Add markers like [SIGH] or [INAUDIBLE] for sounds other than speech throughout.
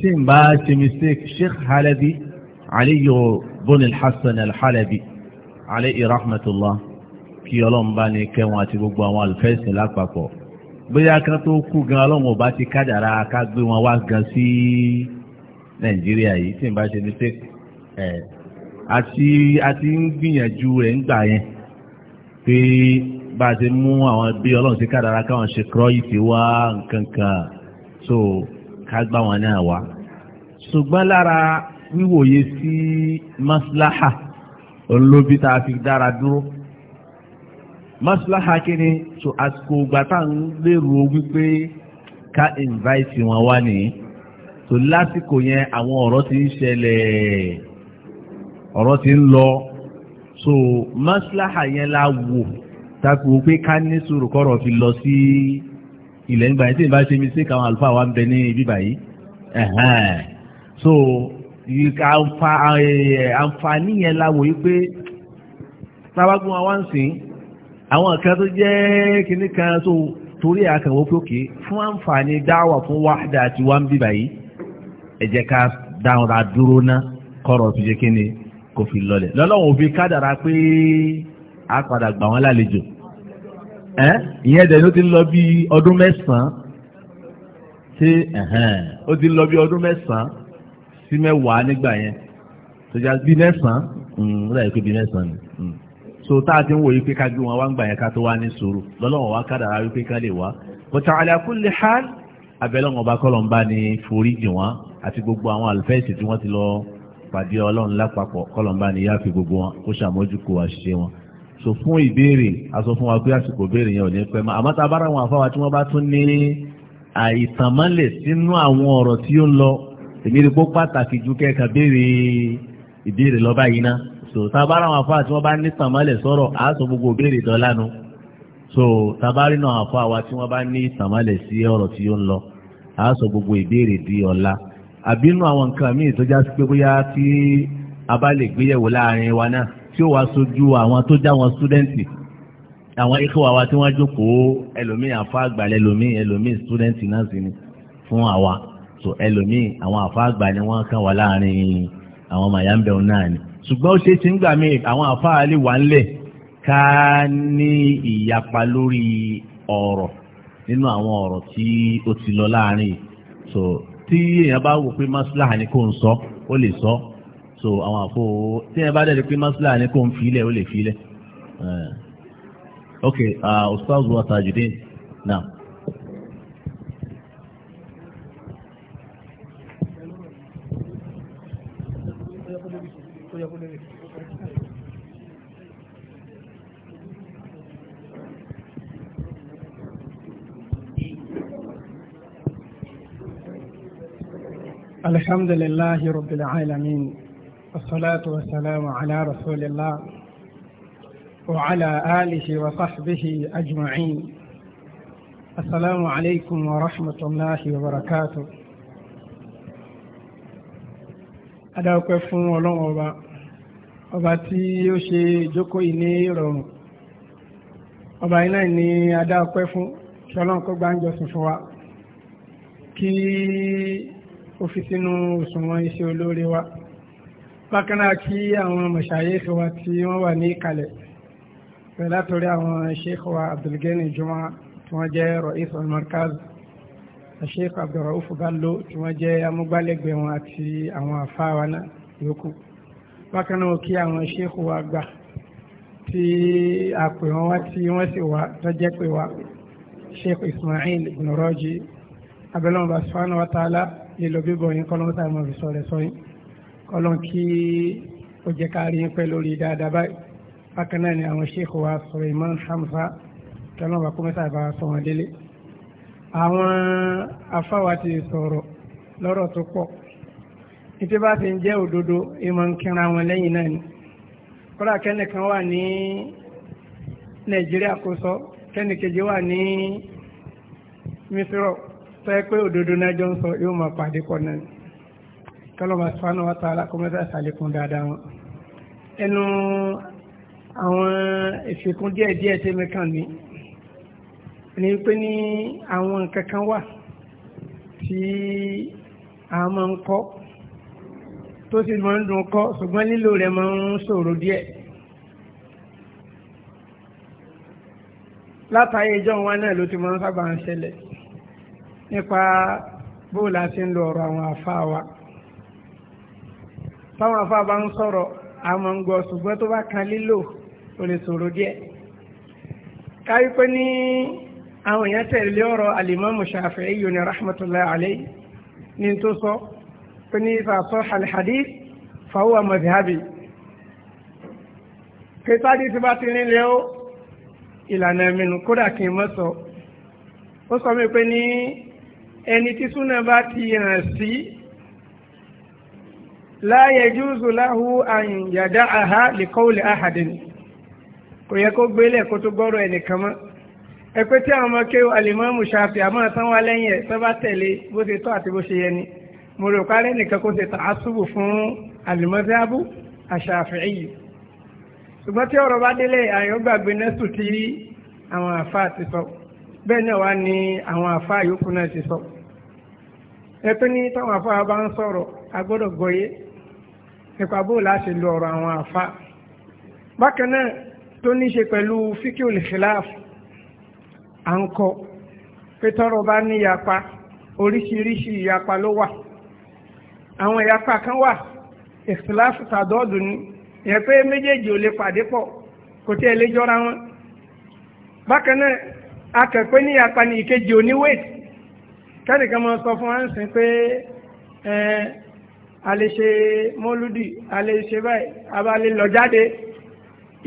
tí n bá ṣe mistake sheikh halabi aliyu bun alhassan alhalabi alayhi rahmatullah kí ọlọ́run bá ní kẹwọn àti gbogbo àwọn alfẹ́sìn lápapọ̀ bóyá kan tó kú gan ọlọ́run ọba ti kádàrá ká gbé wọn wá gan sí nàìjíríà yìí tí n bá ṣe mistake ẹ̀ àti àti ń gbìyànjú rẹ̀ ń gbà yẹn pé bá ti mú àwọn bí ọlọ́run ti kádàrá káwọn ṣe kúrọ́yì ti wá nǹkan kan ká gbá wọn náà wá ṣùgbọ́n lára wíwòye sí maslaha olóbi tá a fi dára dúró maslaha kíni tó àsìkò ìgbà tá à ń lérò wípé ká invite wọn wá nìyí tó lásìkò yẹn àwọn ọ̀rọ̀ ti ń ṣẹlẹ̀ ọ̀rọ̀ ti ń lọ so maslaha yẹn la wò tá a fi wò pé ká ní sùúrù kọ́rọ̀ fi lọ sí. Si, ilẹ̀ ńgbà yẹn tí ìbá ṣe mi sí káwọn àlùfáà wa ń bẹ ní ibi báyìí so àǹfààní yẹn la wòye pé tábàgbọ́n wa wá ń sìn àwọn kan tó jẹ́ kìíní kan tó torí àkànwó pókè fún àǹfààní dáwà fún wáhdà àti wá ń bí báyìí ẹ jẹ́ ká dáhùn ra dúró ná kọ́rọ̀ tó jẹ́ kí kò fi lọlẹ̀ lọ́lọ́wọ́n òfin kádàrá pé a padà gbà wọ́n lálejò ìyẹn dẹ̀ ló ti lọ bí ọdún mẹ́sàn-án ṣé ó ti lọ bí ọdún mẹ́sàn-án sí mẹ́wàá nígbà yẹn tó já bí mẹ́sàn-án mm, ó dàbí pé bí mẹ́sàn-án ni mm. so tá a ti ń wòye pé ká gbé wọn wá ń gbà yẹn ká tó wá ní sùúrù lọ́lọ́wọ́ wá kádàrá wípé ká lè wá but ala kulli hal abẹ́lẹ́ ọba kọ́lọ́n bá ní forí jì wọ́n àti gbogbo àwọn àlùfẹ́ẹ̀sì tí wọ́n ti lọ pàdé ọlọ́run lápapọ̀ kọ́lọ́n bá ní yááfi gbogbo wọn kó ṣàmójúkú àṣìṣe wọn so fún ìbéèrè a sọ fún wa pé àsìkò béèrè yẹn ò ní pẹ́ máa àmọ́ tá a bá ra àwọn àfáwà tí wọ́n bá tún ní àìtànmọ́lẹ̀ sínú àwọn ọ̀rọ̀ tí ó ń lọ èmi rí pó pàtàkì ju kẹ́ẹ̀ka béèrè ìbéèrè lọ́ba yìí ná so tá a bá ra àwọn àfáwà tí wọ́n bá ní tànmọ́lẹ̀ sọ̀rọ̀ a gbogbo béèrè dọ́là nu so tá a bá rí àwọn àfáwà tí wọ́n bá ní tànmọ́lẹ̀ sí ọ̀rọ̀ tí ó ń lọ a sọ gbogbo ìbéèrè di ọ̀la àbínú àwọn nǹkan míì tó já pé bóyá tí a bá lè gbéyẹ̀wò láàrin wa náà tí ó wá sojú àwọn tó já wọn súdẹ́ǹtì àwọn ikọ̀ àwa tí wọ́n jókòó ẹlòmíì àfa àgbà ẹlòmíì ẹlòmíì súdẹ́ǹtì náà sì ni fún àwa so ẹlòmíì àwọn àfa àgbà ni wọ́n kàn wá láàrin àwọn mayambẹ̀wò náà ni ṣùgbọ́n ó ṣe ti ń gbà mí àwọn àfa àlè wà ńlẹ̀ ká ní ìyapa lórí ọ̀rọ̀ nínú àwọn ọ̀rọ̀ tí ó ti lọ láàrin so tí èèyàn bá wò pé maslaha ni kò so àwọn àfo tí ẹ bá dẹ̀ di pé masla ni kò ń filẹ̀ ó lè filẹ̀ eh. ok ustaz wa tajudeen now. الحمد لله رب العالمين الصلاة والسلام على رسول الله وعلى آله وصحبه أجمعين السلام عليكم ورحمة الله وبركاته adáwọ́pẹ́ fún ọlọ́run ọba ọba tí ó ṣe ìjókòó yìí ní ìrọ̀rùn ọba yìí náà ni adáwọ́pẹ́ fún kí ọlọ́run kó gbáǹjọsìn fún wa kí ó fi sínú òṣùwọ̀n iṣẹ́ olóore wa bákan náà kí àwọn mọ̀ṣáyéèkì wa tí wọ́n wà ní ìkàlẹ̀ pẹ̀lú àtòrí àwọn ṣéèkì wa Abdulgani Juma tí wọ́n jẹ́ Ra'is al-Markaz ṣéèkì Abdulrauf Ballo tí wọ́n jẹ́ amúgbálẹ́gbẹ̀ẹ́ wọn àti àwọn àfáwa náà yòókù bákan kí àwọn ṣéèkì wa gbà tí àpè wọn wá tí wọ́n sì wá tọ́jẹ́ pé wa ṣéèkì Ismail ibn Raji abẹ́lẹ́wọ̀n bá subhanahu wa ta'ala lílo bíbọ̀ yín kọ́lọ́mọ́tà mọ̀ fi sọ̀rọ̀ sọ́yìn kọ́lọ́n kí ó jẹ́ ká rí pẹ́ lórí dáadáa báyìí bákan náà ni àwọn sheikh wa Suleiman Hamza tọ́lọ́n bá kọ́mẹ́sà bá sọ wọn délé àwọn afáwa ti sọ̀rọ̀ lọ́rọ̀ tó pọ̀ ìtí bá ti ń jẹ́ òdodo ìmọ̀ ń kíra wọn lẹ́yìn náà ni kọ́lá kẹ́nìkan wà ní Nàìjíríà kó sọ kẹ́nìkejì wà ní Mísírọ̀ tọ́ ẹ pé òdodo náà jọ ń sọ yóò máa pàdé pọ̀ náà ni kọlọ́ba sọ́nà wa tààlà kọ́mọ́tà sàlékún dáadáa wọn. ẹnu àwọn ìfikún díẹ̀ díẹ̀ tẹ́mi kàn ní ni pé ní àwọn nǹkan kan wà tí a máa ń kọ́ tó sì máa ń dùn kọ́ ṣùgbọ́n lílò rẹ̀ máa ń ṣòro díẹ̀. látàrí ìjọ wa náà ló ti máa ń sábà ń ṣẹlẹ̀ nípa bóòlù àti ń lo ọ̀rọ̀ àwọn àfáà wa táwọn afá bá ń sọ̀rọ̀ a máa ń gbọ́ ṣùgbọ́n tó bá kan lílò ó lè sọ̀rọ̀ díẹ̀ káyí pé ní àwọn èèyàn tẹ̀lé ọ̀rọ̀ alimamu Shafi'i yoni rahmatullahi alayhi ní tó sọ pé ní fàṣọ alhadith fàwọ́ madhhabi kẹtàdí ti bá ti nílẹ̀ ó ìlànà mìíràn kódà kí n mọ́ sọ ó sọ mi pé ní ẹni tí súnà bá ti ràn sí la yajuzu lahu an yada'aha li qawli ahadin kò yẹ kó gbélé kó tó gbọ́rọ̀ ẹnìkan mọ́ ẹ pé tí àwọn ọmọ kéwù alimọ́mù ṣàfi àmọ́ tán wá lẹ́yìn ẹ̀ sábà tẹ̀lé bó ṣe tọ́ àti bó ṣe yẹ ni mo rò parí nìkan kó ṣe tàásùbù fún alimọ́sáàbù àṣàfihì yìí ṣùgbọ́n tí ọ̀rọ̀ bá délé àyàn gbàgbé nẹ́sù tí àwọn àfa ti sọ bẹ́ẹ̀ náà wá ní àwọn àfa yòókù náà ti sọ ẹ pé ní táwọn àfa bá ń sọ̀rọ̀ agbọ́dọ̀ gbọ́yé nípa bó láti lo ọ̀rọ̀ àwọn àfa bákan náà tó ní ṣe pẹ̀lú fíkìl khilaf à ń kọ pé tọ́rọ̀ bá ní ìyapa oríṣiríṣi ìyapa ló wà àwọn ìyapa kan wà ìkhilaf tàdọ́ọ̀dù ni ìyẹn pé méjèèjì ò lè pàdé pọ̀ kò tí ẹ lè jọra wọn bákan náà akẹ̀pẹ́ ní ìyapa ni ìkejì oníwèé kẹ́nìkan máa sọ fún wa ń sìn pé ẹ̀ẹ́ a lè ṣe mọ́lúdì a lè ṣe báyìí a bá lè lọ jáde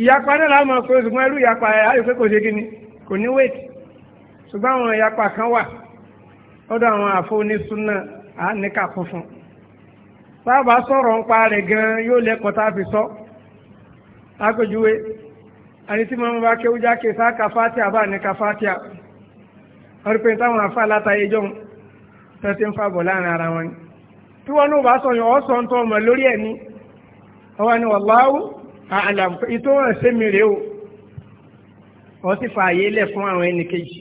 ìyapa náà láwọn ọmọ pé ṣùgbọ́n irú ìyapa ayọ̀ pé kò ṣe kí ni kò ní wait ṣùgbọ́n àwọn ìyapa kan wà lọ́dọ̀ àwọn àfọwọ́nísúná àníkà funfun sábà sọ̀rọ̀ ń pa rẹ̀ gan-an yóò lẹ́kọ̀ọ́ tá a fi sọ lápèjúwe àti tí màmú bá kéwú jákè sá fatia bá ní fatia wọ́n rí látàyé jọ́ tẹ́tí fàbọ̀ láàrin ara wọn ni. tí wọn náà bá sọ yàn ọ́ sọ ọmọ lórí ẹ̀ ní a'lam wọn ṣe o ọ si fa àyè lẹ̀ fún àwọn ẹnì kejì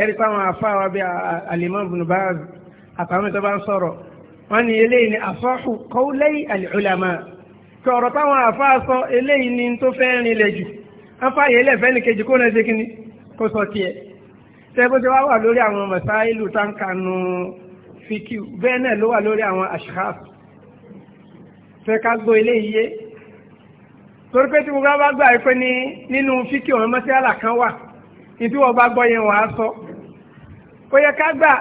ẹ̀rí táwọn afáwa bíi al-Imam àtàwọn tó bá ń sọ̀rọ̀ eléyìí ni asahu qawlay al kí ọ̀rọ̀ táwọn sọ eléyìí ni tó fẹ́ rinlẹ̀ jù àyè fẹ́ kejì kó náà ṣe kó sọ tiẹ̀ ti wá fíkìú bẹ́ẹ̀ náà ló wà lórí àwọn ashkhaf fẹ́ ká gbọ́ eléyìí yé torí pé tí mo bá bá gbà pé ní nínú fíkìú ọ̀rọ̀ mọ́síálà kan wà ní tí wọ́n bá gbọ́ yẹn wàá sọ ó yẹ ká gbà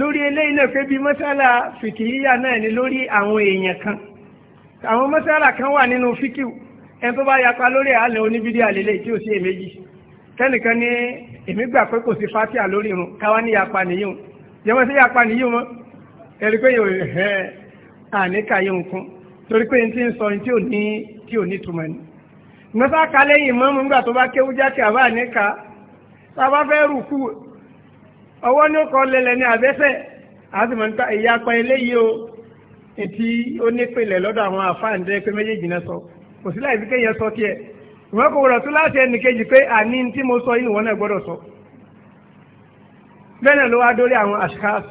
lórí eléyìí náà pé bí mọ́síálà fìkìyíyà náà ni lórí àwọn èèyàn kan àwọn mọ́síálà kan wà nínú fíkìú ẹni tó bá yapa lórí àlẹ́ oníbídí àlélẹ́ tí ò sí èméjì kẹ́nìkan ní èmi gbà pé kò sí fatia lórí irun káwa ní yapa nìyí jẹ́wọ́ sí apá nìyí wọn ẹ̀rí pé yóò hẹ́ àníkà yóò kún torí pé n ti ń sọ ní tí ò ní tí ò ní túmọ̀ ni. nọ́sà yìí lẹ́yìn mọ́mú nígbà tó bá kéwú jákè àbá àníkà tá a fẹ́ rù kú ọwọ́ ní lẹ́lẹ̀ ní ìyá eléyìí o ètí ó lọ́dọ̀ àwọn pé méjèèjì náà sọ kò sí láì fi kéèyàn sọ tiẹ̀ ìwọ́n kò tún láti ẹnì kejì pé àní tí mo sọ yìí bẹ́ẹ̀ ló wá dórí àwọn ashkas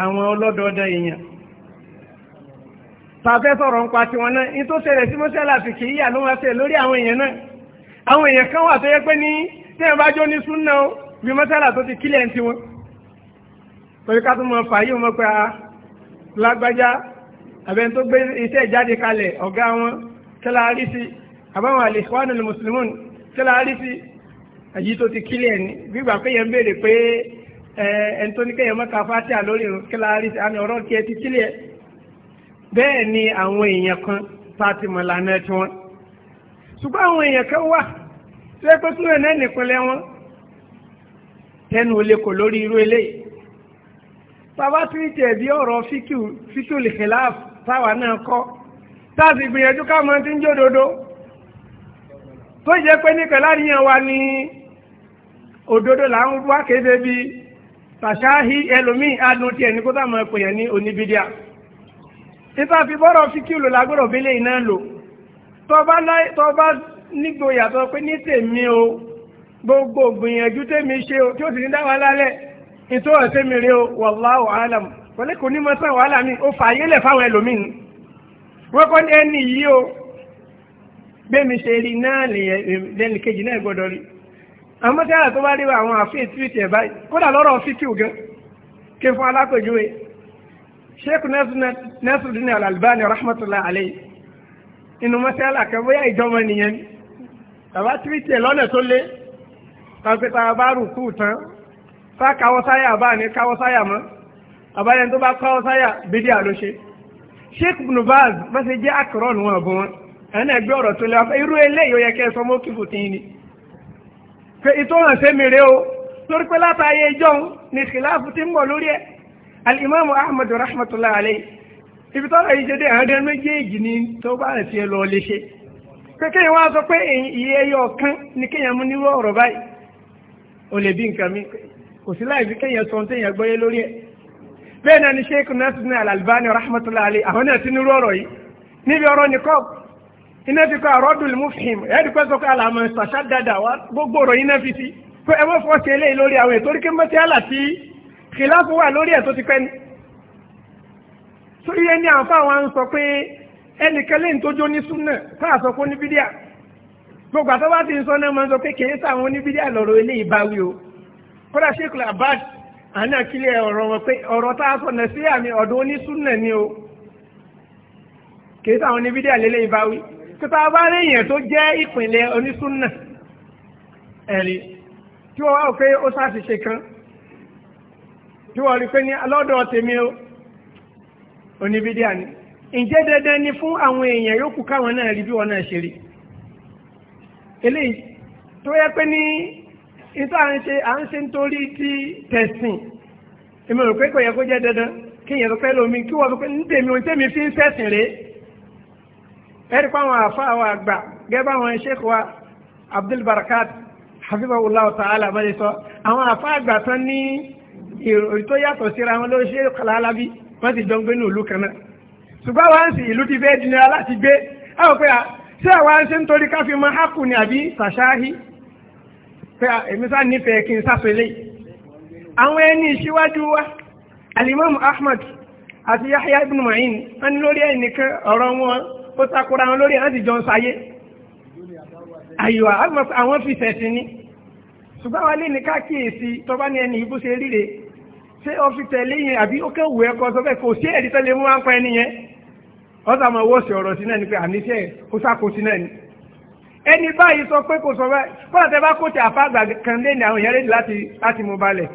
àwọn ọlọ́dọọdọ èèyàn pàfẹ́ sọ̀rọ̀ ń pa tiwọn náà ní tó ṣẹlẹ̀ sí mọ́ṣáláṣí kì í yà ló wá ṣe lórí àwọn èèyàn náà àwọn èèyàn kan wà tó yẹ pé ní tẹ́yìn bá jó ní súnà ó bí mọ́ṣáláṣí tó ti kílẹ̀ ń tiwọn torí ká tó mọ fàáyé wọn pé a lágbájá àbẹ́ni tó gbé iṣẹ́ ìjáde kalẹ̀ ọ̀gá wọn tẹ́lá rí sí àbáwọn al-Ikhwanul Muslimun tẹ́lá rí sí èyí tó ti kílẹ̀ ní gbígbà pé yẹn béèrè pé ẹni tó ní kẹ́yìn mọ́ka fátíà lórí irun kí láàárín sí àmì ọ̀rọ̀ tiẹ̀ ti sílẹ̀ bẹ́ẹ̀ ni àwọn èèyàn kan pàtì mọ̀lánà tí wọ́n ṣùgbọ́n àwọn èèyàn kan wà tó yẹ pé tún rẹ̀ náà nìpínlẹ̀ wọn tẹnu olè kò lórí irú eléyìí bàbá túwìtì ẹ̀bí ọ̀rọ̀ fíkìú lìkìláàfù táwa náà kọ́ táàsì gbìyànjú ká ti ń jódodo tó jẹ́ pé níkẹ̀ láàrin yẹn wa ni òdodo là ń tàṣáhí ẹlòmíì adùn tiẹ̀ ní kó táwọn ẹ̀pẹ̀yàn ní oníbídíà títà fi bọ́rọ̀ fi kí olùlágbọ́rọ̀ bílẹ̀ iná lò tó bá nígboyà tó pé ní tèmi o gbogbo gbìyànjú tèmi ṣe o tí ó sì ní dáwà lálẹ́ ètò rí o wallahu alam wọlé kò ní mọ sàn wàhálà mi ó fà yélẹ̀ fáwọn ẹlòmíì wọ́n kọ́ ẹni yìí o gbé mi ṣe rí náà lẹ́nìkejì náà gbọ́dọ̀ rí àmọ́ tẹ́lá tó bá rí àwọn àfíì tíwìtì ẹ̀ báyìí kódà lọ́rọ̀ fíkìú gan kí fún alápèjúwe sheikh nasruddin al-albani rahmatulah alayhi inú mọ́sálà kan bóyá ìjọba nìyẹn ni bàbá tíwìtì ẹ̀ lọ́nà tó lé pàṣípà bá rù kú tán fá káwọ́ sáyà bá ní káwọ́ sáyà mọ́ àbáyẹn tó bá káwọ́ sáyà bídí àlóṣe sheikh ibn bá ṣe jẹ́ àkùrọ̀ nù wọn bọ́ wọn ẹ̀ náà gbé ọ̀rọ̀ tó lé irú eléyìí ó yẹ kẹ́ ẹ sọ mọ́ kíkù tí ni pé ìtòhàn sẹ́mi rẹ̀ o lórí pé látàáyé ìjọun ní ìsìláàfù ti ń bọ̀ lórí ẹ̀ alimami ahmed rahmatulah alayhi ibi tọ́lá yìí ṣe dé àádọ́ méjèèjì ni tó bá rẹ̀ tiẹ̀ lọ lè ṣe pé kéèyàn wá sọ pé ìyẹ́ ẹyọ kan ni kéèyàn mú nírú ọ̀rọ̀ báyìí o lè bí nǹkan mi kò iná fi kọ́ àrọ́dùn mufhim ẹ̀ẹ́dì pẹ́ sọ pé àlàmọ́ ṣàṣà dáadáa wá gbogbo ọ̀rọ̀ iná fi sí pé ẹ mọ́ fọ́ ṣe eléyìí lórí àwọn ètò oríkè mọ́tí àlà tí kìláàfù wà lórí ẹ̀ tó ti pẹ́ ni. sórí ẹni àǹfà wa ń sọ pé ẹnìkan lẹ́yìn tó jó ní súnà ká àsọ oníbídíà gbogbo àtọ́wá ti ń sọ náà máa ń sọ pé kì í sàwọn oníbídíà lọ́rọ̀ eléyìí bá abad àná kílẹ̀ ọ̀rọ̀ wọn pé ọ̀rọ̀ tá a sọ nà sí àmì ọ̀dọ̀ onísúnà títà bá léèyàn tó jẹ́ ìpínlẹ̀ onísúnnà ẹ̀rí tí wọ́n wá pé ó ṣàṣìṣe kan tí wọ́n rí pé ní alọ́dọ̀ tèmi o oníbídíà ni ǹjẹ́ dandan ni fún àwọn èèyàn yòókù káwọn náà rí bí wọn náà ṣe rí eléyìí tó yẹ pé ní à ń ṣe à ń ṣe ti tẹ̀sìn kò ẹ̀rí pàwọn àfáà wa àgbà gẹ́gẹ́ báwọn ṣéèkù wa Abdul Barakat hafizahullah ta'ala mọ́lẹ̀ sọ àwọn àfáà àgbà tán ní ìròyìn tó yàtọ̀ síra wọn ló ṣe kàlálábí wọ́n ti jọ ń gbé ní ìlú kan náà ṣùgbọ́n wá ń sì ìlú ti fẹ́ dinira láti gbé ẹ̀wọ̀n pé ṣé àwa ń ṣe ń torí ká fi mọ hákù ni àbí sàṣáhí pé èmi sá nífẹ̀ẹ́ kí n sáfẹ́ lé àwọn ẹni ìṣíwájú wa alimami Ahmad àti Yahya ibn Ma'in wọn lórí ẹnìkan ọ̀rọ̀ wọn ó takora wọn lórí àti jọ ń sayé àyíwá àwọn fi sẹ̀sìn ni ṣùgbọ́n wa ní káàkiri tó bá ní ẹni ìbú ríre ṣé ọ fi tẹ̀lé yẹn àbí ó kẹ́wù ẹ kọ́ fẹ́ kò sí ẹ̀rí tẹ́lẹ̀ mú wá ń pa ẹni yẹn wọ́n sàmọ̀ owó ọ̀rọ̀ sí náà ni pé àníṣe ó sàkó sí náà ni ẹni báyìí sọ pé kò sọ bẹ́ẹ̀ kọ́lá tẹ bá kó tẹ kan lé ní àwọn èèyàn lédè láti láti mú balẹ̀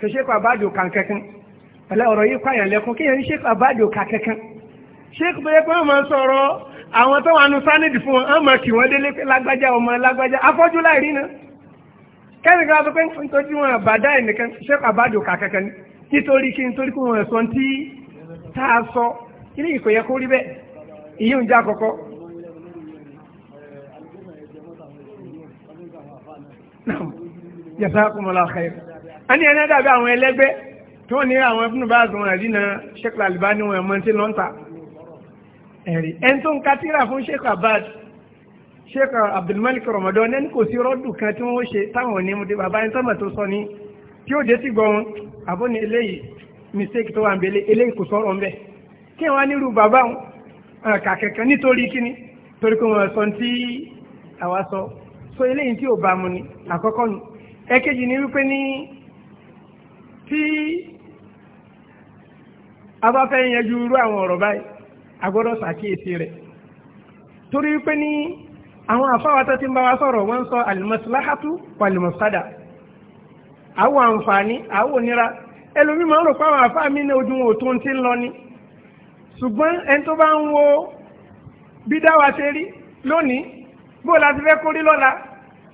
kò ṣe kó àbájò kan kankan pẹ̀lẹ́ ọ̀rọ̀ yìí kó kí ṣe kó àbájò sheikh tó yẹ pé wọ́n máa sọ̀rọ̀ àwọn tó wà nù sanidi fún wọn wọ́n máa kì wọ́n délé lágbájá ọmọ lágbájá afọ́jú láìrí náà kẹ́nìkan wọ́n pé nítorí wọn àbádá ẹnìkan sheikh àbádò kàkẹ́kẹ́ ni nítorí kí nítorí kí wọ́n sọ tí tá a sọ ilé ìkò yẹ kó rí bẹ́ẹ̀ ìyí ń já kọ́kọ́. jazakumullahu khair a ní ẹni dàbí àwọn ẹlẹ́gbẹ́ tó ní àwọn ibùdó bá àtúnwọ̀n àdínà sheikh Albani wọn ẹ̀ mọ́ntì lọ́ntà ẹ̀rí ẹni tó ń ka tíra fún sheikh abad sheikh abdulmalik ramadan ẹni kò sí rọ́dù kan tí wọ́n ṣe táwọn òní mu dé bàbá ẹni tọ́mọ̀ tó sọ ní tí ó dé ti gbọ́ wọn àbó ni eléyìí mistake tó wà ń bẹ̀lẹ̀ eléyìí kò sọ̀rọ̀ ń bẹ̀ kí wọ́n á nírú bàbá wọn kàkẹ́kẹ́ nítorí kíní torí pé wọ́n sọ tí àwa sọ so eléyìí tí ò bá mu ni àkọ́kọ́ nu ẹ̀kejì ni wípé ní tí a bá fẹ́ irú àwọn ọ̀rọ̀ báyìí agbọ́dọ̀ ṣàkíyèsí rẹ̀ torí pé ní àwọn àfáwátá tí ń bá wa sọ̀rọ̀ wọ́n sọ alìmọ̀síláhátú pàlìmọ̀sádà àwọn àǹfààní àwọn onira ẹlòmí máa ń rò pé àwọn àfáà mi ní ojú wọn ò tó ń ti ń lọ ni ṣùgbọ́n ẹni tó bá ń wo bí dáwà ṣe rí lónìí bó láti fẹ́ kórí lọ́la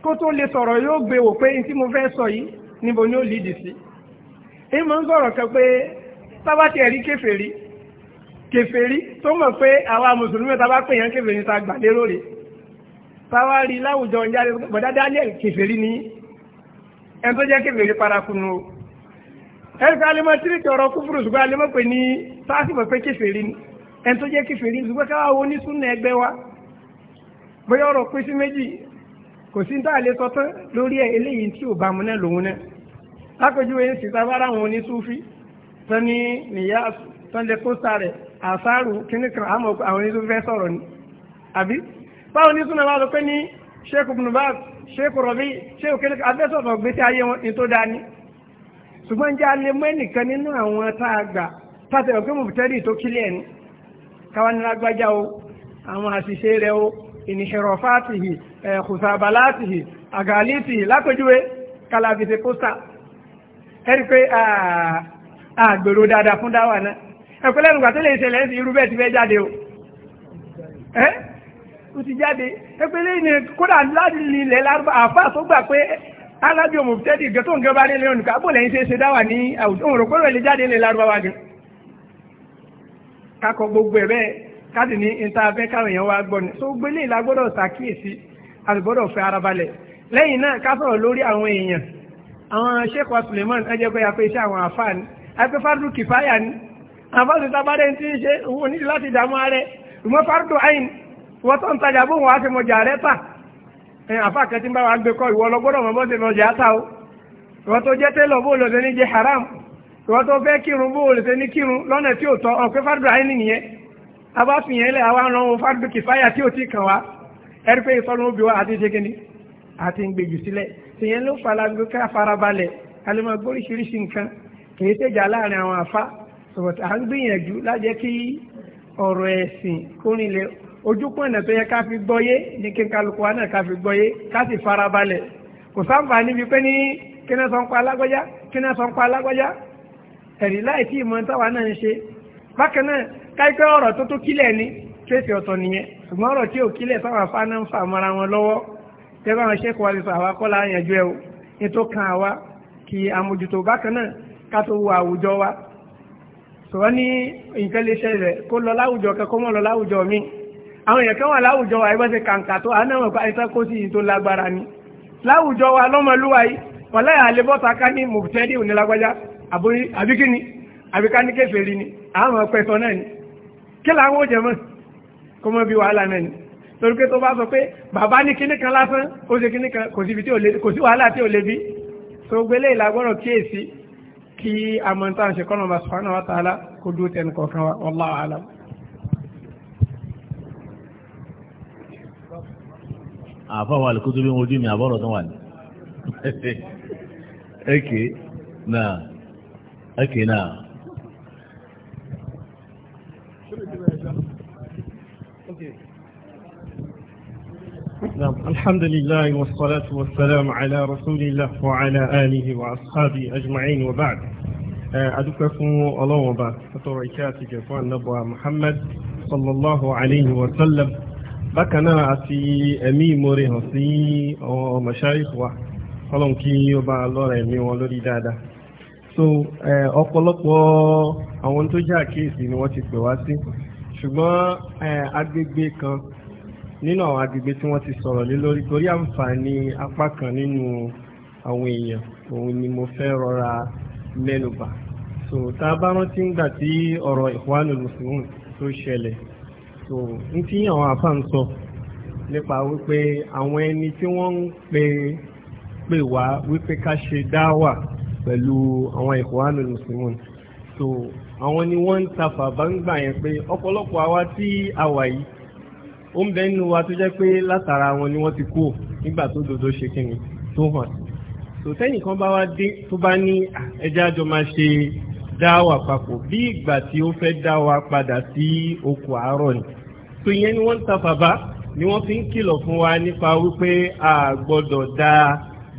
kó tó lè sọ̀rọ̀ yóò gbé wò pé tí mo fẹ́ sọ yìí níbo ni ó lìdì sí. èyí máa ń sọ̀rọ̀ kan pé sábàtì ẹ̀rí kèfèrí kèfèrí tó mọ̀ pé àwa mùsùlùmí ta bá pè yàn kèfèrí ta gbà lérò rè láwùjọ ìjáde bọ̀dá Daniel kèfèrí ní ẹni tó jẹ́ kèfèrí parakunu o ẹni tó alẹ́ mọ́ tírìkì ọ̀rọ̀ kúfúrú ṣùgbọ́n alẹ́ mọ́ pé ní sáàsì mọ̀ pé kèfèrí ní ẹni tó jẹ́ kèfèrí ṣùgbọ́n káwa wo ní súnà ẹgbẹ́ wa bóyá ọ̀rọ̀ pín sí méjì kò sí tá a tán lórí sáré àsáàrù kíní kan àmọ́ àwọn ẹni fẹ́ sọ̀rọ̀ ni àbí báwo ní súnà bá sọ pé ní sheikh ibn baz sheikh rabi sheikh kíní kan afẹ́sọ̀tọ̀ gbèsè ayé wọn ní tó dáa ni ṣùgbọ́n jẹ́ alẹ́ mọ́ ẹnìkan nínú àwọn tá a gbà tàbí ọ̀gbẹ́ mọ̀tẹ́rì tó kílẹ̀ ẹni káwọn ní lágbájá o àwọn àṣìṣe rẹ o ìnìṣẹ̀rọ̀fàtìhì ẹ̀kùsàbàlátìhì àgàlítìhì lápẹjúwe kálá ẹ̀kọ́ lẹ́nu gbà tó lè ṣẹlẹ̀ sí irú bẹ́ẹ̀ ti fẹ́ jáde o ẹ́ o ti jáde ẹgbẹ́lẹ́ ìní kódà láti ilẹ̀ lárúbá àfáà tó gbà pé alábí ọmọ tẹ́tì gẹ́ tó ń gẹ́ bá dé lẹ́nu ká bò lẹ́yìn ṣe ṣe dáwà ní àwùjọ òun rò pé rẹ̀ lè jáde ilẹ̀ lárúbá wa ni tó gbélé ìlà gbọ́dọ̀ ṣàkíyèsí àgbọ́dọ̀ fẹ́ arabalẹ̀ lẹ́yìn náà àfáṣítà bá dẹ̀ tí ń ṣe owó ní láti dàmú ààrẹ ìmọ̀ fárúdù àyìn wọ́n tó ń tajà bóun wá sí mọ̀jà rẹ̀ tà àfá kẹtí ń bá wa gbé kọ́ ìwọ lọ́gbọ́dọ̀ mọ̀ bó ṣe mọ̀jà ta o ìwọ́n tó jẹ́ télọ̀ bó lọ sí ní jẹ́ haram ìwọ́n tó fẹ́ kírun bó lọ sí ní kírun lọ́nà tí ò tọ́ ọ̀ pé fárúdù àyìn nìyẹn a bá fi yẹn lẹ̀ àwa ran o fárúdù kìfáyà tí ò tí kàn wá ẹ̀rí pé obì sọ̀bọ̀tà à ń gbìyànjú lájẹ́ kí ọ̀rọ̀ ẹ̀sìn kórìnlẹ̀ ojúkún ọ̀nà tó yẹ ká fi gbọ́yé ní kí kálukú wa náà ká fi gbọ́yé ká sì farabalẹ̀ kò sáǹfà níbi pé ní kí náà sọ ń pa alágbájá kí náà sọ ń pa alágbájá ẹ̀rí láì tí ìmọ̀ táwa náà ń ṣe bákan náà káíkẹ́ ọ̀rọ̀ tó tó kílẹ̀ ni kéèsì ọ̀tọ̀ nìyẹn ṣùgbọ́n ọ̀rọ̀ tí wa lè sọ̀rọ̀ ní nǹkan lè ṣẹlẹ̀ kó lọ láwùjọ kan kó lọ láwùjọ mi àwọn èèyàn kan wà láwùjọ wa ẹgbẹ́ ṣe kàǹkà tó àánú àwọn ọ̀pá ìtàn kó sí ìyìn tó lágbára ni láwùjọ wa lọ́mọlúwa yìí wọ́n láyà àlebọ́ta ká ní mùtẹ́dì onílágbájá àbí kíni àbí ká ní kèfèrí ni àwọn ọ̀pẹ́ sọ náà ni kí làwọn òjẹ̀ mọ̀ kó mọ́ bí wàhálà náà ni torí pé tó bá sọ pé bàbá ní kíní kan lásán ó ṣe kíní kan kò sí wàhálà tí ò le bí tó gbélé ìlàgbọ́rọ̀ kíyèsí kí amọ̀ntàn ṣe kọ́nà bá subhanahu wa ta'ala kó dúró tẹnu kọ̀ọ̀kan wa wallahu a'lam. àfọwọ́ àlùkò tó bí wọn ojú mi àbọ̀rọ̀ tó wà ní. [LAUGHS] okay náà okay náà. نعم الحمد لله والصلاة والسلام على رسول الله وعلى آله وأصحابه أجمعين وبعد أدوك الله وبعد فتوريكاتي جفوان نبوة محمد صلى الله عليه وسلم بكنا أتي أمي موري هسي أو مشايخ و فلن كي يبع الله أمي ولوري دادا so ọ̀pọ̀lọpọ̀ àwọn tó jẹ́ àkíyèsí ni wọ́n ti pè wá sí ṣùgbọ́n agbègbè kan nínú àwọn agbègbè tí wọ́n ti sọ̀rọ̀ lé lórí torí àǹfààní apá kan nínú àwọn èèyàn òun ni mo fẹ́ rọra mẹ́nubà so tá a bá rántí ńgbà tí ọ̀rọ̀ Ikhwanul Muslimun tó ṣẹlẹ̀ so n tí àwọn àfà ń sọ nípa wípé àwọn ẹni tí wọ́n ń pe pè wá wípé ká ṣe dáwà pẹ̀lú àwọn Ikhwanul Muslimun so àwọn ni wọ́n ń ta fàbáǹgbà yẹn pé ọ̀pọ̀lọpọ̀ àwa tí a wà yìí ó ń bẹ nínú wa tó jẹ́ pé látara wọn ni wọ́n ti kú nígbà tó dodo ṣe kíni tó hàn tó tẹ́nìkan bá wá dé tó bá ní ẹja jọ máa ṣe dá wà papọ̀ bí ìgbà tí ó fẹ́ dá padà sí oko àárọ̀ ni tó ìyẹn ni wọ́n ń ta bàbá ni wọ́n fi ń kìlọ̀ fún wa nípa wípé a gbọ́dọ̀ dá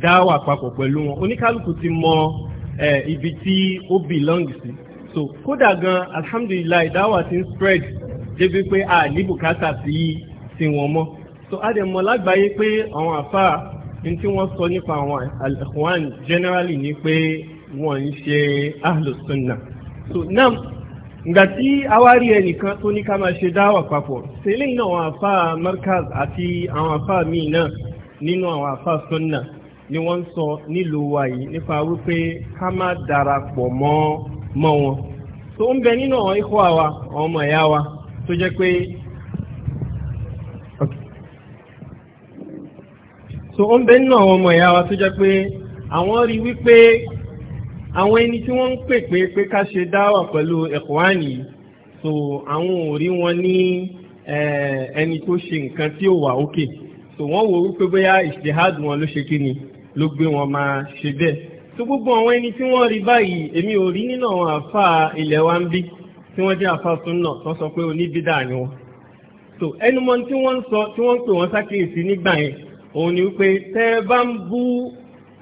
dá wà papọ̀ pẹ̀lú wọn oníkálukú ti mọ ibi tí ó belong sí so kódà gan alhamdulilayi dáwà ti ń spread débi pé a ní bùkátà sí sí wọn mọ́ so a dẹ̀ mọ̀ lágbàáyé pé àwọn àfa ní tí wọ́n sọ nípa àwọn al generally ni pé wọ́n ń ṣe ahlus so nam, ngbà tí awárí ẹnìkan tó ní ká máa ṣe dáwà papọ̀ sẹ́lẹ̀ náà àwọn àfa markaz àti àwọn àfa míì náà nínú àwọn àfa sunnah ni wọ́n ń sọ nílùú wa yìí nípa wípé ká má darapọ̀ mọ́ mọ́ wọn. tó ń bẹ nínú àwọn ikọ̀ àwa ọmọ ẹ̀yà wa tó jẹ́ pé so ó ń bẹ nínú àwọn ọmọ ìyá wa tó jẹ́ pé àwọn rí wípé àwọn ẹni tí wọ́n ń pè pé pé ká ṣe dáwà pẹ̀lú ẹ̀kọ́wánì so àwọn ò rí wọn ní ẹni tó ṣe nǹkan tí ò wà òkè so wọ́n wò wípé bóyá ìṣèhádù wọn ló ṣe kí ni ló gbé wọn máa ṣe bẹ́ẹ̀ so gbogbo àwọn ẹni tí wọ́n rí báyìí èmi ò rí nínú àwọn àáfàá ilẹ̀ wa ń bí tí wọ́n jẹ́ àfàsùn náà tó sọ pé oníbídà ni wọ́n so ẹnumọ́ tí wọ́n ń sọ tí wọ́n ń pè wọ́n sákèèsí nígbà yẹn òun ni wípé tẹ́ ẹ bá ń bú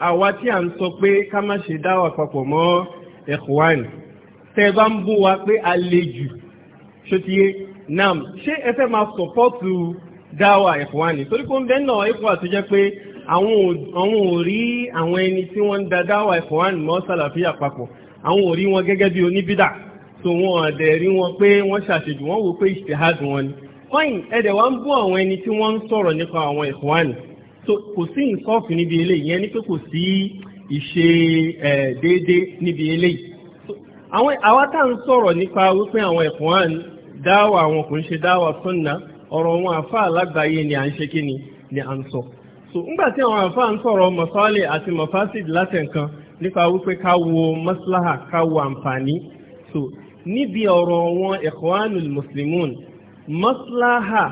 àwa tí à ń sọ pé ká má ṣe dá papọ̀ mọ́ ẹ̀kúwánì tẹ́ bá ń bú wa pé a le jù ṣótiyé nam ṣé ẹ fẹ́ máa sọ̀pọ́tù dáwà ẹ̀kúwánì torí pé ń bẹ́ẹ̀ náà ẹ̀kọ́ àtúnjẹ́ pé àwọn ò rí àwọn ẹni tí wọ́n ń da dáwà ẹ̀kúwánì mọ́ sàlàfíà papọ̀ àwọn ò rí wọn gẹ́gẹ́ bí oníbídà so wọn àdẹ̀ rí wọn pé wọ́n ṣàṣejù wọ́n wò pé ìṣèhàd wọn ni fine ẹ̀dẹ̀ wa ń bú àwọn ẹni tí wọn ń sọ̀rọ̀ nípa àwọn ìkùnwánì so kò sí ìsọ́ọ̀fù níbi eléyìí yẹn ni pé kò sí ìṣe ẹ̀ déédé níbi eléyìí àwọn àwa tá ń sọ̀rọ̀ nípa wípé àwọn ìkùnwánì dáwà àwọn kò ń ṣe dáwà sunna ọ̀rọ̀ wọn àfa alágbàáyé ni à ń ṣe kí ni ni à ń sọ so ńgbà tí àwọn àfa ń sọ̀rọ̀ mọ̀sálẹ̀ àti mọ̀fásìd nípa wípé ká wo maslaha ká wo àǹfààní so níbi ọ̀rọ̀ wọn Ikhwanul Muslimun maslaha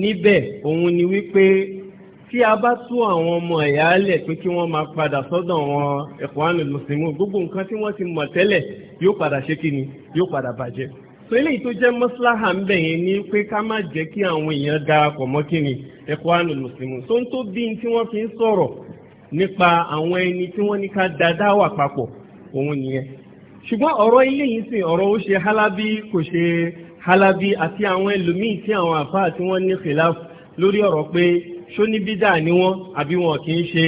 níbẹ̀ òun ni wípé tí a bá tú àwọn ọmọ ẹ̀yà lẹ̀ pé kí wọ́n máa padà sọ́dọ̀ wọn Ikhwanul Muslimun gbogbo nǹkan tí wọ́n ti mọ̀ tẹ́lẹ̀ yóò padà ṣe kí ni yóò padà bàjẹ́ so eléyìí tó jẹ́ maslaha ń bẹ̀ yẹn ni pé ká má jẹ́ kí àwọn èèyàn darapọ̀ mọ́ kí ni Ikhwanul Muslimun tó ń tó bí tí wọ́n fi ń sọ̀rọ̀ nípa àwọn ẹni tí wọ́n ní ká dáadáa wà papọ̀ òun nìyẹn ṣùgbọ́n ọ̀rọ̀ ilé yìí sì ọ̀rọ̀ ó ṣe halabi kò ṣe hálábí àti àwọn ẹlòmíì tí àwọn àfáà tí wọ́n ní khilaf lórí ọ̀rọ̀ pé ṣóníbídà ni wọ́n àbí wọn kì í ṣe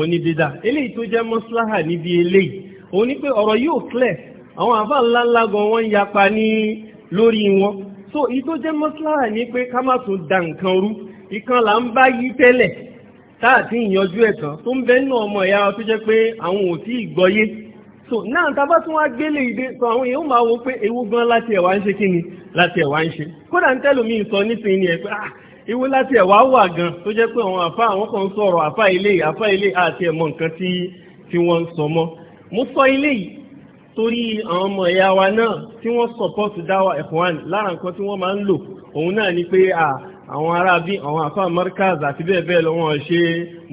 oníbídà eléyìí tó jẹ́ mọ́síláhà níbi eléyìí òun ni pé ọ̀rọ̀ yóò clear àwọn àfáà ńláńlá gan wọ́n ń yapa ní lórí wọn so èyí tó jẹ́ mọ́síláhà ni pé ká má tún da nǹkan rú ìkan là ń bá yí tẹ́lẹ̀ táà ìyanjú ẹ̀ tó ń bẹ́ẹ̀ nù ọmọ ìyá tó jẹ́ pé àwọn ò tí ì gbọ́yé so náà tàbá tún wá gbélé ìdè sọ àwọn èèyàn máa wo pé ewu gan láti ẹ̀wà ń ṣe kí ni láti ẹ̀wà ń ṣe kódà ń tẹ́lò sọ nísìnyí ni ẹ̀ ah ewu láti ẹ̀wà wà gan tó jẹ́ pé àwọn àfa àwọn kan sọ̀rọ̀ àfa ilé àfa ilé àti ẹ̀mọ nǹkan tí tí wọ́n ń sọ mọ́ mo sọ ilé yìí torí àwọn ọmọ ẹ̀yà wa náà tí wọ́n sọ̀pọ̀tù dáwà ẹ̀kọ́wán lára nǹkan tí wọ́n máa ń lò òun náà ni pé àwọn ará bí àwọn àfa markaz àti bẹ́ẹ̀ bẹ́ẹ̀ lọ wọ́n ṣe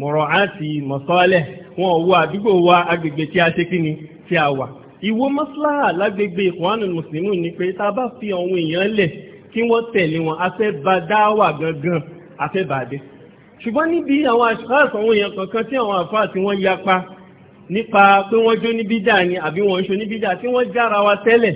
mọ̀rọ̀ àti mọ̀sálẹ̀ wọn ò wo àdúgbò wa agbègbè tí a ṣe kí ni tí a wà ìwọ mọ́sálà lágbègbè ìkùnránù mùsùlùmí ni pé tá a bá fi àwọn èèyàn lẹ̀ kí wọ́n tẹ̀lé wọn afẹ́bà dáwà gangan afẹ́bàdé ṣùgbọ́n níbi àwọn àṣíkáàsì àwọn èèyàn kankan tí àwọn àfáà tí wọ́n yapa nípa pé wọ́n jó ní bídà ni àbí wọ́n ń ṣo ní bídà tí wọ́n jára wa tẹ́lẹ̀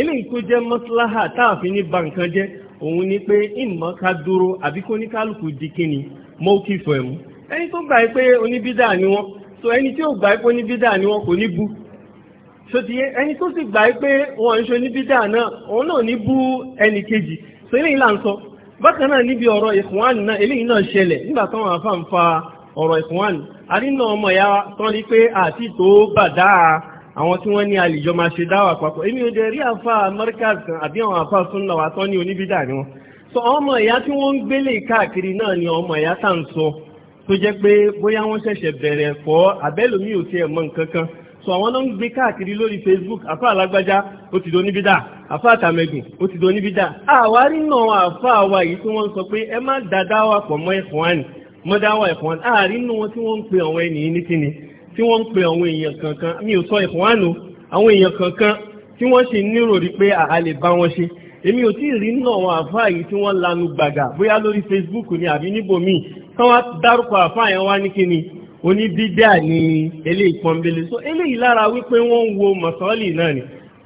eléyìí tó jẹ́ mọ́sálà táàfin ní ba jẹ́ òun ni pé ìmọ̀ ká dúró àbí kó ní kálukú di kíni mọ́ọ̀kì fọ̀ ẹ̀mú ẹni tó gbà pé oníbídà ni wọ́n so ẹni tí ò gbà pé oníbídà ni wọ́n kò ní bu sotí ẹni tó sì gbà pé wọn ń ṣe ní bídà náà òun náà ní bú ẹnì kejì so eléyìí là ń sọ bákan náà níbi ọ̀rọ̀ ìkùnwánì náà eléyìí náà ṣẹlẹ̀ nígbà táwọn fa ọ̀rọ̀ ìkùnwánì arínà ọmọ ìyá tán rí pé àti tó bà dáa àwọn tí wọ́n ní àlìjọ máa ṣe dáwà papọ̀ èmi ò dẹ̀ rí àfa Markaz àbí àwọn àfa súnà wà tán ní oníbídà ni wọn so ọmọ ìyá tí wọ́n ń gbélé káàkiri náà ni ọmọ ìyá tá à ń sọ tó jẹ́ pé bóyá wọ́n ṣẹ̀ṣẹ̀ bẹ̀rẹ̀ ẹ̀kọ́ àbẹ́lòmí ò nǹkan kan so àwọn náà ń gbé káàkiri lórí facebook àfa alágbájá ó ti do níbí dà àfa àtàmẹ̀gùn ó ti do níbí dà àwárí náà àfa àwa yìí tí wọ́n sọ pé ẹ má dáadáa wà pọ̀ mọ́ ẹ̀fọ́n àní mọ́dáwà ẹ̀fọ́n àní àárín náà tí wọ́n ń pe àwọn ènìyàn ní kíni tí wọ́n ń pe àwọn èèyàn kankan mi ò sọ ẹ̀fọ́n àná àwọn èèyàn kankan tí wọ́n sì nírò rí pé a lè bá wọn èmi ò tí ì rí náà àwọn àfáà yìí tí wọ́n lanu gbàgà bóyá lórí facebook ni àbí níbòmíì kán dárúkọ àfáà yẹn wá ní kíni oníbídà ni eléyìí pọ́nbélé so eléyìí lára wípé wọ́n ń wo mọ̀sọ́ọ̀lì náà ni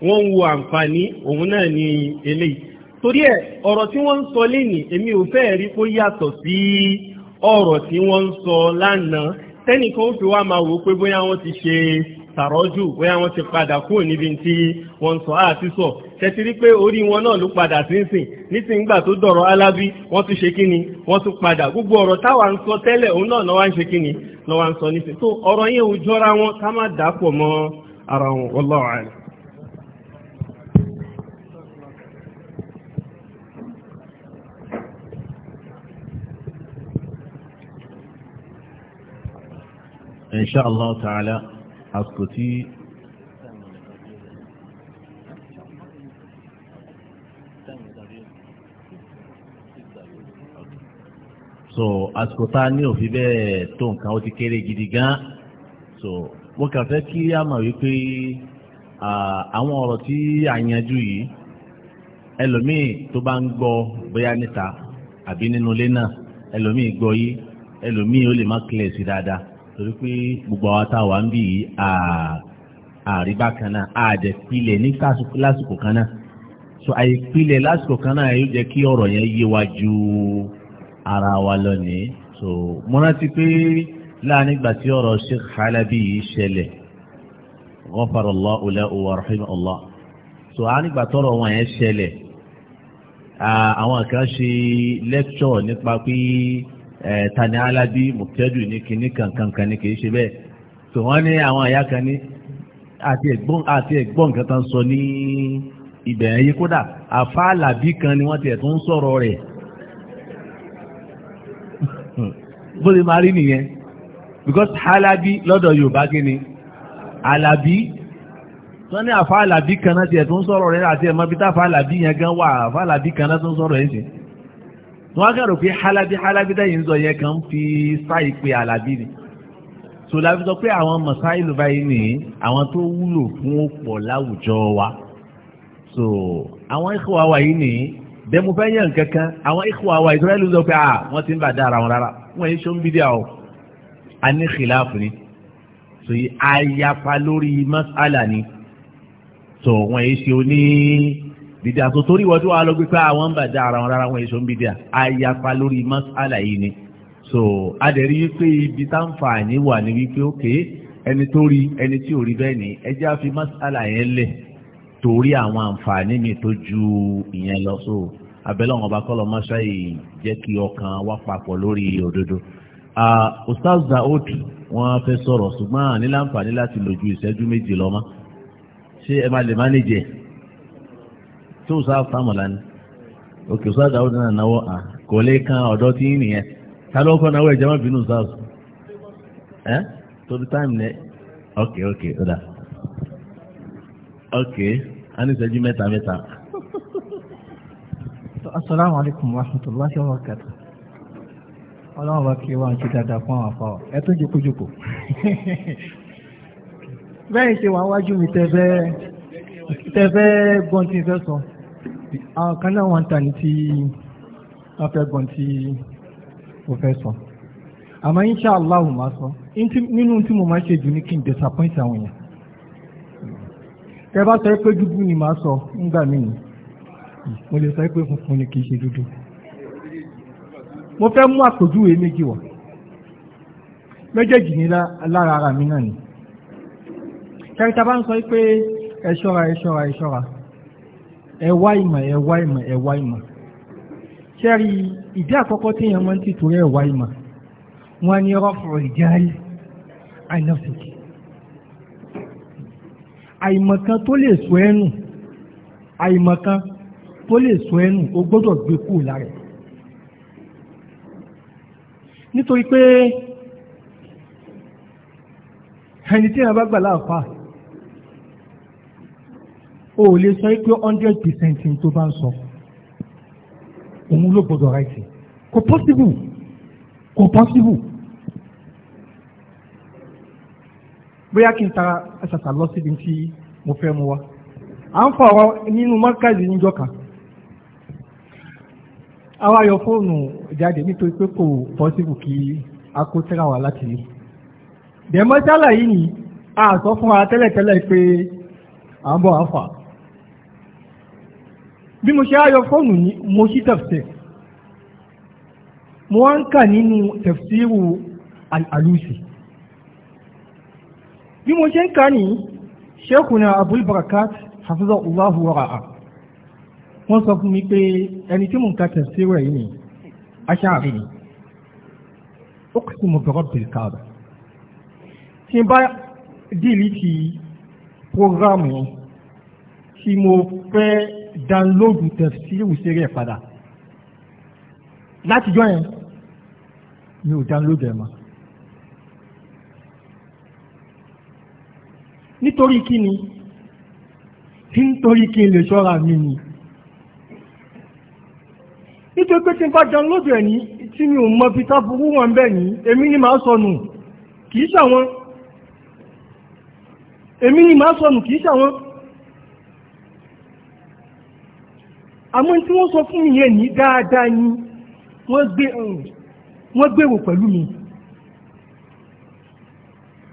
wọ́n ń wo àǹfààní òun náà ni eléyìí torí ẹ̀ ọ̀rọ̀ tí wọ́n ń sọ lénìí èmi ò fẹ́ rí kó yàtọ̀ sí ọ̀rọ̀ tí wọ́n ń sọ lánàá tẹ́nìkan ó fi wá máa wò ó pé bóyá wọ́n ti ṣe tàrọ́jù bóyá wọ́n ti padà kúrò níbi tí wọ́n sọ àti sọ tẹ̀sírí pé orí wọn náà ló padà sínsìn nísìngbà tó dọ̀rọ̀ alábí wọ́n tún ṣe kíni wọ́n tún padà gbogbo ọ̀rọ̀ táwa ń sọ tẹ́lẹ̀ òun náà lọ́wọ́ ń ṣe kíni lọ́wọ́ ń sọ nísìn tó ọ̀rọ̀ yẹn ò jọra wọn ká má dàpọ̀ mọ́ ara wọn wallahu a'lam. insha Allah ta'ala àsìkò tí so àsìkò tá a ní òfin bẹ́ẹ̀ tó nǹkan ó ti kéré gidi gan so mo kàn fẹ́ kí a mọ̀ wípé àwọn ọ̀rọ̀ tí a yanjú yìí ẹlòmíì tó bá ń gbọ́ bóyá níta àbí nínú ilé náà ẹlòmíì gbọ́ yìí ẹlòmíì ó lè má kílẹ̀ sí dáadáa torí pé gbogbo àwọn táwa ń bì í àríbá kan náà àdẹ̀ pilẹ̀ ní lásìkò kan náà so àìpilẹ̀ lásìkò kan náà yóò jẹ́ kí ọ̀rọ̀ yẹn yé wa ju ara wa lọ so mo rántí pé láàrin ìgbà tí ọ̀rọ̀ Sheikh Halabi yìí ṣẹlẹ̀ ghafarallahu lahu wa rahimahullah so àárín ìgbà tọ́rọ̀ wọn yẹn ṣẹlẹ̀ àwọn kan ṣe lecture nípa pé tani alabi mọ̀tẹ́dù ní kinní kankankan ni kìí ṣe bẹ́ẹ̀ tó wọ́n ní àwọn àyà kan ní àti ẹ̀gbọ́n àti ẹ̀gbọ́n nǹkan kan sọ ní ibẹ̀ yìí kódà àfáàlàbí kan ni wọ́n tiẹ̀ tó ń sọ̀rọ̀ rẹ̀ bó máa rí nìyẹn because alábí lọ́dọ̀ Yorùbá kí ni alabi wọ́n ní àfáàlàbí kan náà tiẹ̀ tó ń sọ̀rọ̀ rẹ̀ àti ẹ̀mọ́bí tá àfáàlàbí yẹn gan wà àfáàlàbí kan náà tó ń sọ̀rọ̀ yẹn sí wọ́n kàrò pé halabi halabi dẹ́yìn zọ yẹn kan fi sáì pé alábí ni so láti sọ pé àwọn mọ̀sáìlú báyìí ní àwọn tó wúlò fún ọ̀pọ̀ láwùjọ wa so àwọn ìkọ̀wá wa yìí ní bẹ́ẹ̀ mo fẹ́ yàn kankan àwọn ìkọ̀wá wa ìtọ́lẹ́lú sọ pé ah wọ́n ti ń bà dára wọn rárá wọ́n yẹn ṣó bídíà o a ní khilaf ni so àyàfa lórí mas'ala ni so wọ́n yẹn ṣe ní dídá tó torí wọ́n tó wà lọ pípẹ́ àwọn ń bàjẹ́ ara wọn rárá wọn èso ń bí díà àyàpá lórí mọ́sálà yìí ni so adẹ̀rí wípé ibi táǹfààní wà ní wípé òkè ẹni tó rí ẹni tí ò rí bẹ́ẹ̀ ni ẹ jẹ́ àfi mọ́sálà yẹn lẹ̀ torí àwọn àǹfààní mi tó ju ìyẹn lọ so abẹ́lẹ́ ọ̀hún ọba kọ́lọ́ mọ́ṣá yìí jẹ́ kí ọkàn wá papọ̀ lórí òdodo Ustaz Daud wọ́n fẹ́ sọ̀rọ̀ ṣùgbọ́n àní láǹfààní láti lò ju ìṣẹ́jú méjì lọ mọ́ ṣé ẹ má lè má níjẹ̀ẹ́ tí òun sáà fámọ̀lá ni òkè òsá dàwọ́dà náà náwó à kò lè kan ọ̀dọ́ tí ń nìyẹn ta ló kọ́ náwó ẹ̀jẹ̀ má bínú sáà sùn ẹ́ torí táìmù lẹ ok ok ọ̀dà ok a ní ìṣẹ́jú mẹ́ta mẹ́ta. asalaamu alaykum wa rahmatulahi wa barakatu ọlọ́run bá kí wọ́n ti dáadáa fún àwọn afọ ẹ tún jókòjókò bẹ́ẹ̀ ṣe wàá wájú mi tẹ́fẹ́ tẹ́fẹ́ gbọ́n tí n fẹ́ sọ àwọn kan náà wọ́n ń ta ní tí wọ́n fẹ́ gbọ́n tí mo fẹ́ sọ àmọ́ insha Allah máa sọ nínú tí mo máa ṣe jù ní kí n disappoint àwọn èèyàn tẹ́ bá sọ pé dúdú ni màá sọ ńgbà mí ni mo lè sọ pé funfun ni kì í ṣe dúdú mo fẹ́ mú àpèjúwe méjì wá méjèèjì ní lára ara mi náà ni kẹrìtà bá ń sọ pé ẹ ṣọ́ra ẹ ẹ̀wá ìmọ̀ ẹ̀wá ìmọ̀ ẹ̀wá ìmọ̀ ṣẹ́rí ìdí àkọ́kọ́ tí èèyàn máa ń tìtò rẹ̀ ẹ̀wá ìmọ̀ wọ́n ní rọ́fọ̀ ìjáàlì àìlọ́sìkì àìmọ̀kan tó lè sọ ẹnu àìmọ̀kan tó lè sọ ẹnu o gbọ́dọ̀ gbé kú lára nítorí pé ẹni tí èèyàn bá gbà láàfáà o ò lè sọ pé hundred percent ní tó bá ń sọ òun ló gbọdọ̀ ráìtì kò possible kò possible. bóyá kí n ta ẹsàkà lọ síbi tí mo fẹ́ mu wa à ń fa ọ̀rọ̀ nínú mọ́kàzì níjọ́ kan àwa yọ fóònù jáde nítorí pé kò possible kí a kó tẹ́ra wà láti rí dẹ̀mọ́sálà yìí ni a sọ fún wa tẹ́lẹ̀tẹ́lẹ̀ pé à ń bọ̀ wá fà á bí mo ṣe ayọ fóònù yìí mo ṣí tafsir mo wá ń kà nínú tafsiru al-Alusi bí mo ṣe ń kà ní Sheikhuna Abul Barakat hafizahullahu wa ra'a wọ́n sọ fún mi pé ẹni tí mo ń ka tafsiru rẹ̀ yìí ni aṣáàbí ni ó kì í mo bẹ̀rọ̀ bẹ̀rẹ̀ káàbà tí n bá dìlì ti prógrámù tí mo fẹ́ dánlóòdù tẹ̀síwù sí rẹ̀ padà látijọ́ yẹn mi ò dánlóòdù ẹ̀ mọ́. nítorí kí ni nítorí kí n lè ṣọ́ra mi ni nítorí pé tí n bá dánlóòdù ẹ̀ ní tí mi ò mọ fi tá burú wọn bẹ́ẹ̀ ní èmi ni màá sọnù kì í ṣàwọn èmi ni màá sọnù kì í ṣàwọn. àmọ́ tí wọ́n sọ fún mi yẹn ní dáadáa ni um, wọ́n gbèrò pẹ̀lú mi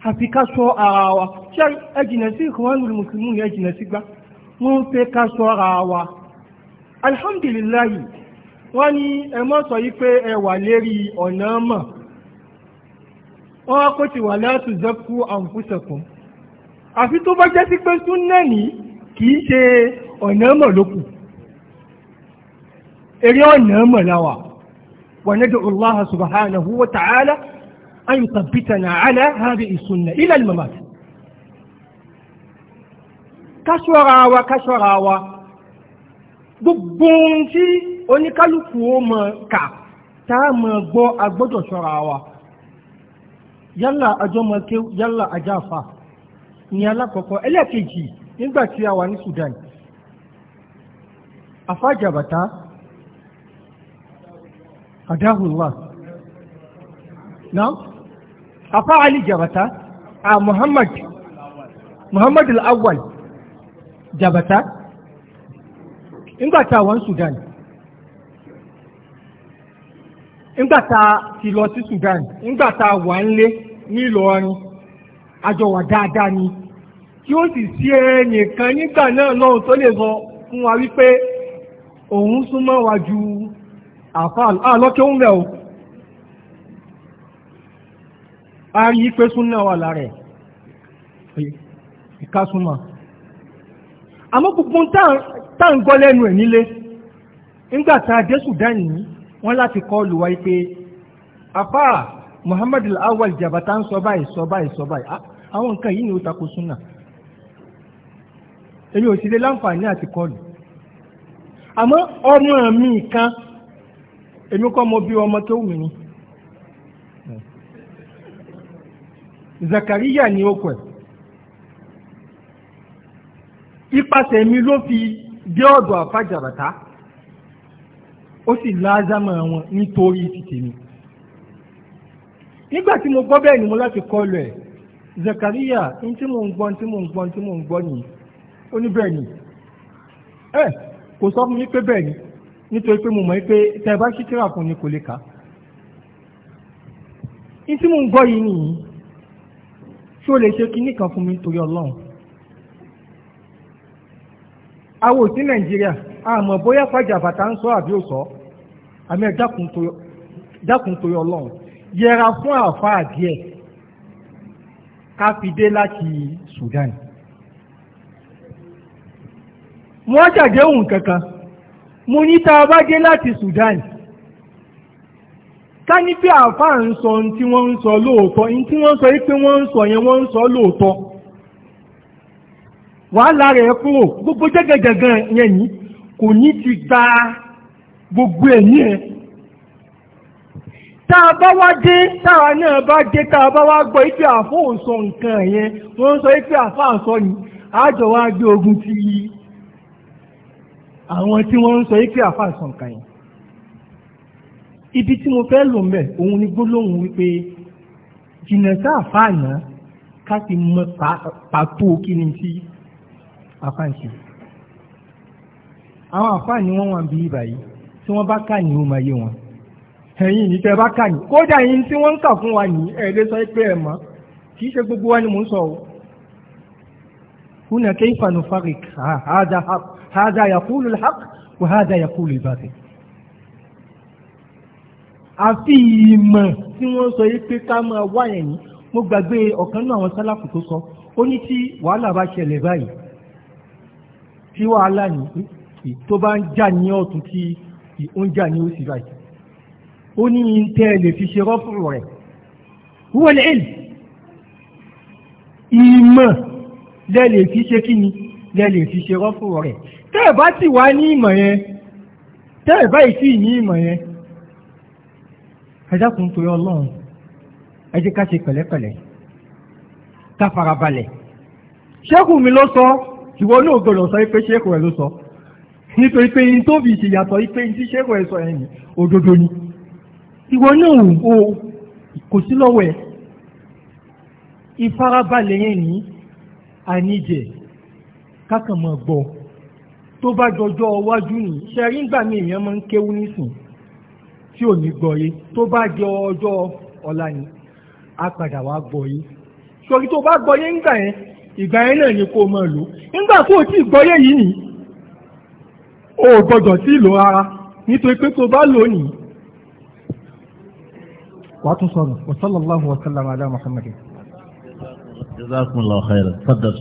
àfi ká sọ ara wa ṣé ẹjìnà sí ìkọ̀wánú mùsùlùmí ẹjìnà sí gbá wọ́n fẹ́ ká sọ ara wa alhamdulilayi wọ́n ní ẹ mọ́ sọ yí pé ẹ wà lérí ọ̀nà mọ̀ wọ́n á kó ti wà láti zẹ́kú àǹfùsẹ̀kùn àfi tó bá jẹ́ sí pé súnnà kì í ṣe ọ̀nà mọ̀ lókùn eré ọ̀nà mọ̀láwà الله سبحانه وتعالى أن يثبتنا على هذه السنة إلى الممات. sunnah ila al-mamat káṣọ́ra wa káṣọ́ra wa gbogbo ohun tí oníkálukú ó mọ̀ kà tá a mọ̀ gbọ́ agbọ́dọ̀ ṣọ́ra wa yálà àjọmọ̀ké yálà àjáfà ní alákọ̀ọ́kọ́ ẹlẹ́ẹ̀kejì nígbà tí a wà ní Sudan afájàbàtà adahullah na'am afa ali jabata a muhammad muhammad al-awwal jabata ńgbà tá wà sudan ńgbà tá lọ sí sudan ńgbà wa nle ń ọrụ ní ìlọrin àjọwà dáadáa ni tí ó sì sí ẹnìkan nígbà náà lọ́hùn tó lè sọ fún wa wípé òun súnmọ́ wa ju àfáà náà lọ́kẹ́ òun o a rí ipe suna wà lára ẹ̀ ìka súnmọ́ àmọ́ tá à ń gbọ́ lẹ́nu ẹ̀ nílé nígbà tá a dé Sudan wọ́n láti kọ́ Awal Jabata ń sọ báyìí sọ báyìí sọ báyìí ah, àwọn nǹkan yìí ni ó suna. súnà èmi ò sì lè láǹfààní àti àmọ́ mi kan èmi kọ́ mo bí ọmọ tó wù mí Zakariya ni ó pẹ̀ ipasẹ̀ mi ló fi dé ọ̀dọ̀ àfàjàbàtà ó sì láázámọ̀ wọn nítorí ti tèmi nígbà tí mo gbọ́ bẹ́ẹ̀ ni mo láti kọlu ẹ̀ Zakariya ní tí mò ń gbọ́ tí mò ń gbọ́ tí mò ń gbọ́ nìyí ó ní bẹ́ẹ̀ ni ẹ kò sọ fún mi pé bẹ́ẹ̀ ni nítorí pé mo mọ̀ pé tẹ́ ẹ bá ṣí tíra fún ni kò lè kà á. ní tí mò ń gbọ́ yìí nìyí tí ó lè ṣe kinní kan fún mi nítorí ọlọ́run. àwọn òsín nàìjíríà àmọ́ bóyá fàjà bàtà ń sọ àbí ò sọ àmì ẹ̀ dákun torí ọlọ́run yẹra fún àáfàá díẹ̀ ká fi dé láti Sudan. wọ́n ṣàdéhùn kankan. mo ní tá a bá dé láti Sudan ká ní pé àáfàá ń sọ ohun tí wọ́n ń sọ lóòótọ́ ohun tí wọ́n ń sọ yìí pé wọ́n ń sọ yẹn wọ́n ń sọ lóòótọ́ wàhálà rẹ̀ kúrò gbogbo jẹ́gẹ̀jẹ̀gẹ̀ yẹn yìí kò ní ti gba gbogbo ẹ̀mí ẹ̀ tá a bá wá dé táwa náà bá dé tá a bá wá gbọ́ ife àfóòsọ nǹkan yẹn wọ́n ń sọ ife àfáà sọ ni àjọ wa gbé ogun ti yìí. àwọn tí wọ́n ń sọ yìí pé àfáà sàn kàn yín ibi tí mo fẹ́ lò mẹ́ òun ni gbólóhùn wípé jìnnà sí àfáà náà ká sì mọ pàtó kí ni tí àfáà ń ṣe àwọn àfáà ni wọ́n wà bí ìbàyí tí wọ́n bá kà ní ó máa yé wọn ẹ̀yin ní tẹ́ bá kà ní kódà yín tí wọ́n ń kà fún wa ní ẹ̀ sọ pé ẹ̀ mọ́ kì í ṣe gbogbo wa ni mò ń sọ o. hùnà kayfa nufarriq hadha haqq هذا يقول الحق وهذا يقول الباطل àfi ìmọ̀ tí wọ́n sọ yìí pé ká máa wá ẹ̀yìn mo gbàgbé ọ̀kan náà àwọn sálàfù tó sọ ó ní tí wàhálà bá ṣẹlẹ̀ báyìí tí wàhálà ní tó bá ń jà ní ọ̀tún tí ó ń jà ní òsì báyìí ó ní tẹ́ ẹ lè fi ṣe rọ́fùrù rẹ̀ wọ́n lè ìmọ̀ lẹ́ lè fi ṣe kí ni lẹ lè fi ṣe rọ́pò rẹ̀ tẹ́ ẹ̀ bá ti wá ní ìmọ̀ yẹn tẹ́ ẹ̀ bá ìtì ní ìmọ̀ yẹn ẹ dákun torí ọlọ́run ẹ jẹ́ ká ṣe pẹ̀lẹ́pẹ̀lẹ́ ká farabalẹ̀ ṣẹ́kù mi ló sọ ìwọ náà gbọ́dọ̀ sọ pé ṣẹ́kù rẹ̀ ló sọ nítorí pé n tó fi ìṣèyàtọ̀ pé n tí ṣẹ́kù rẹ̀ sọ yẹn ni òdodo ni ìwọ náà ò kò sí lọ́wọ́ ẹ̀ ìfarabalẹ̀ yẹn ní àníjẹ̀ kákan máa gbọ́ tó bá dọjọ́ iwájú ni ṣẹ́rí ńgbà ní èèyàn máa ń kéwú nísìn tí ò ní gbọ́ yé tó bá jẹ ọjọ́ ọ̀la ni á padà wá gbọ́ yé sọ̀rí tó bá gbọ́ yé ńgbà yẹn ìgbà yẹn náà ni kó máa lò ńgbà kó o tí gbọ́ yé yìí nì o gbọ́dọ̀ sí ìlò ara nítorí pé tó bá lò nìyí وعطوا صلاة وصلى الله وسلم على محمد جزاكم الله خيرا تفضل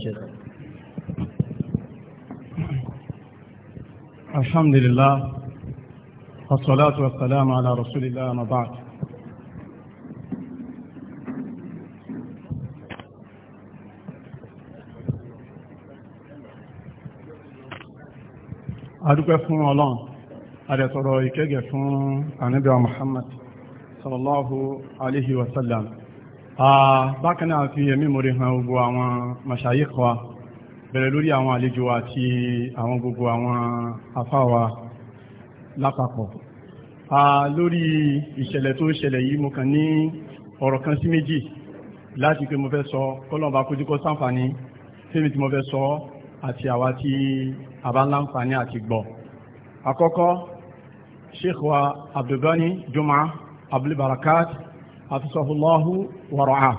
الحمد لله والصلاة والسلام على رسول الله ما بعد adúpẹ́ fún ọlọ́run adẹ̀tọ̀rọ̀ ìkẹ́gẹ̀ fún ànábì Muhammad sallallahu alaihi wasallam bákan náà fi ẹ̀mí mọ̀rí hàn gbogbo àwọn mashayikh wa bẹ̀rẹ̀ lórí àwọn àlejò àti àwọn gbogbo àwọn afáwa lápapọ̀ lórí ìṣẹ̀lẹ̀ tó ṣẹlẹ̀ yìí mo kàn ní ọ̀rọ̀ kan sí méjì láti pé mo fẹ́ sọ kọ́lọ̀mbà kójúkọ́ sáǹfààní fẹ́mi tí mo fẹ́ sọ àti àwa tí àbá láǹfààní àti gbọ́ àkọ́kọ́ sheikh wa abdulgani juma abdulbarakat afisahullahu wara'a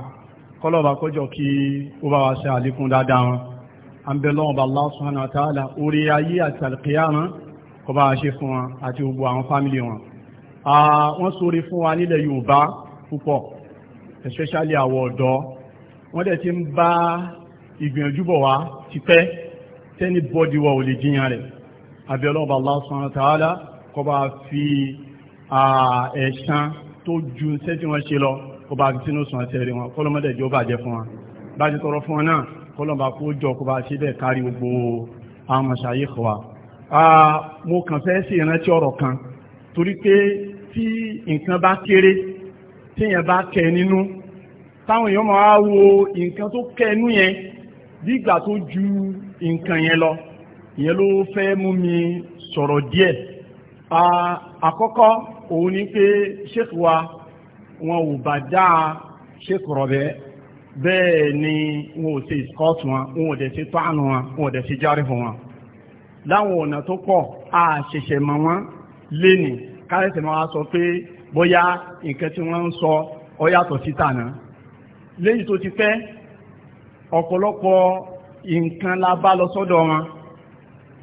kọ́lọ̀mbà kójọ kí ó bá wa ṣe àlékún dáadáa wọn àbẹ̀lọ́wọ̀n bá Allah subhanahu wa ta'ala orí ayé àti alkiyama kó bá ṣe fún wọn àti gbogbo àwọn fámílì wọn wọ́n sórí fún wa nílẹ̀ Yorùbá púpọ̀ especially àwọ̀ ọ̀dọ́ wọ́n dẹ̀ ti ń bá ìgbìyànjú bọ̀ wá ti pẹ́ tẹ́ni bọ́dí wa ò lè jiyàn rẹ̀ àbẹ̀lọ́wọ̀n bá Allah subhanahu wa ta'ala kó bá fi ẹ̀san tó ju iṣẹ́ tí wọ́n ṣe lọ kó bá fi sínú sàn àti ẹ̀rí wọn kọ́lọ́mọdé jọba jẹ fún wa bá ti tọrọ fún wọn náà kọ́lọ́mbà kó jọ kó bá ṣe bẹ́ẹ̀ kárí gbogbo àwọn wa mo kàn fẹ́ sí ìrántí ọ̀rọ̀ kan torí pé tí nǹkan bá kéré téèyàn bá kẹ nínú táwọn èèyàn máa wo nǹkan tó kẹ nínú yẹn bí ìgbà tó ju nǹkan yẹn lọ ìyẹn ló fẹ́ mú mi sọ̀rọ̀ díẹ̀ àkọ́kọ́ òun ni pé ṣéèkì wa wọn ò bá dáa ṣéèkì rọ̀bẹ́ bẹ́ẹ̀ ni wọn ò ṣe ìskọ́ọ̀tù wọn wọn ò dẹ̀ ṣe tọ́ànù wọn wọn ò dẹ̀ ṣe járe fún wọn láwọn ọ̀nà tó pọ̀ a ṣẹ̀ṣẹ̀ mọ̀ wọ́n lénìí káyọ̀sẹ̀ máa sọ pé bóyá nǹkan tí wọ́n ń sọ ọ yàtọ̀ sí tànà lẹ́yìn tó ti pẹ́ ọ̀pọ̀lọpọ̀ nǹkan la bá lọ sọ́dọ̀ wọn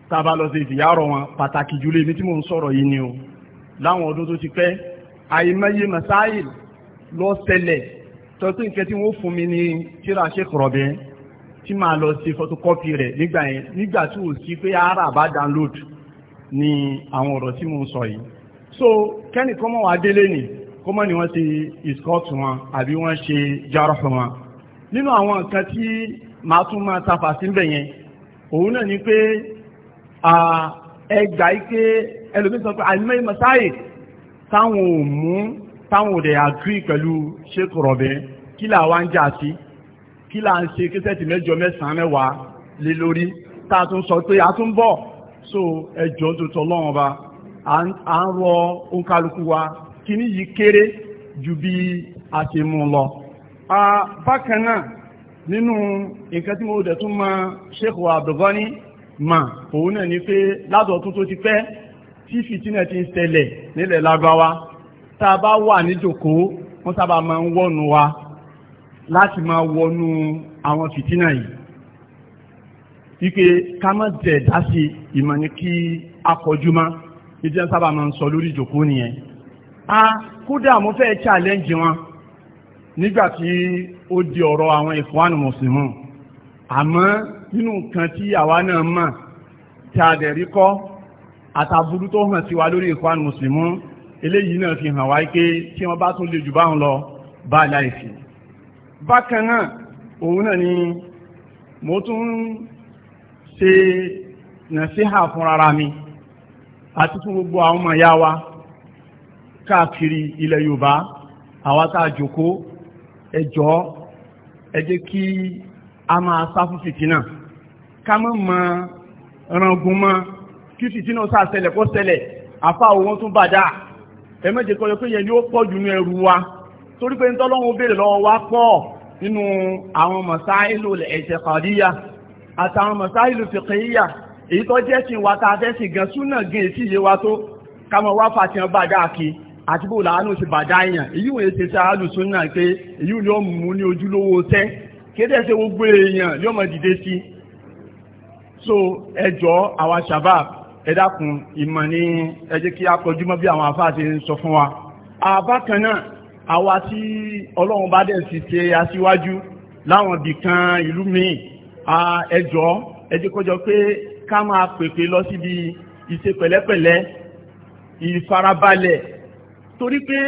tá a bá lọ sí ìdíyàrọ̀ wọn pàtàkì jùlọ ibi tí mò ń sọ̀rọ̀ yìí ni o láwọn ọdún tó ti pẹ́ àìmọye masáyìl ló ṣẹlẹ̀ sọ pé nǹkan tí wọ́n fún mi ní tíra ṣe kọ̀rọ̀bẹ́ tí màá lọ sí photocopy rẹ̀ nígbà yẹn nígbà tí ò sí pé ara bá download ní àwọn ọ̀rọ̀ tí mo sọ yìí so kẹ́nì kan wa wá délé nì kó ni wọ́n ṣe escort wọn àbí wọ́n ṣe jarrah wọn nínú àwọn nǹkan tí màá tún máa tafà sí bẹ̀ yẹn òun náà ni pé ẹgbàá ike ẹlòmíì sọ pé àìmọ́ ìmọ̀ táwọn ò mú táwọn òde àgírí pẹ̀lú ṣékù rọ̀bẹ́ kí là wá ń jà sí kí là ń ṣe kíṣẹ́ẹ̀tì mẹ́jọ mẹ́sàn-án mẹ́wàá lé lórí tá a tún sọ pé a tún bọ̀ so ẹjọ́ tuntun ọlọ́run ọba à ń rọ òǹkàlùkù wa kíní yìí kéré ju bí a ṣe mú un lọ. bákan náà nínú nǹkan tí mo dẹ̀ tún mọ ṣékù Abdulgani mà òun náà ni pé látọ̀ tuntun ti pẹ́ tí fìtínà ti ń ṣẹlẹ̀ nílẹ̀ lágbáwá tá a bá wà níjòkó wọ́n sábà máa ń wọ́nu wa láti máa wọnú àwọn fìtínà yìí wípé ká má jẹ́ dá sí ìmọ̀ ní kí a kọjú mọ́ ìdí náà sábà máa ń sọ lórí ìjòkó nìyẹn a kódà mo fẹ́ challenge wọn nígbà tí ó di ọ̀rọ̀ àwọn ìfọ́nù mùsùlùmí àmọ́ nínú nǹkan tí àwa náà mọ̀ tí a dẹ̀ rí kọ́ àtàbùrú tó hàn sí wa lórí ìfọ́nù mùsùlùmí eléyìí náà fi hàn wá pé tí wọ́n bá tún lè jù báhùn lọ bá láìsí bákan náà òun náà ni mo tún ṣe nàṣíhà fún rárá mi àti fún gbogbo àwọn ọmọ ìyá wa káàkiri ilẹ̀ Yorùbá àwa tá a jókòó ẹ jọ̀ọ́ ẹ jẹ́ kí a máa sá fún fìtínà ká mọ̀ mọ́ rangun mọ́ kí fìtínà sáà ṣẹlẹ̀ kó ṣẹlẹ̀ àfa òun tún bàdá ẹ má jẹ́ kó yẹ pé yẹn ni ó pọ̀ jù ní ẹrù wa torí pé ntọ́lọ́hún béèrè lọ́wọ́ wa pọ̀ nínú àwọn mọ̀sáìlù ẹ̀tẹ̀kọ̀díyà àtàwọn mọ̀sáìlù fìkìyà èyí tó jẹ́ sí wa tá a fẹ́ sí gan súnà gan èsì yé wa tó ká mọ̀ wá fàtìyàn bàdá kí àti bó làánú ti bàdá yàn èyí wòye ṣe ṣe àlùsúnà pé èyí ò ní ó mú ní ojúlówó tẹ́ kéde ṣe gbogbo èèyàn yóò mọ̀ dìde sí so ẹjọ́ àwa shabab ẹ dákun ìmọ̀ ní ẹ jẹ́ kí a kọjú mọ́ bí àwọn àfáà ti ń sọ fún wa àbákan náà àwa tí ọlọ́run bá dẹ̀ sì ṣe aṣíwájú láwọn bìkan ìlú míì ẹ jọ̀ọ́ ẹ jẹ́ kó pé ká máa pèpè lọ síbi ìṣe pẹ̀lẹ́pẹ̀lẹ́ ìfarabalẹ̀ torí pé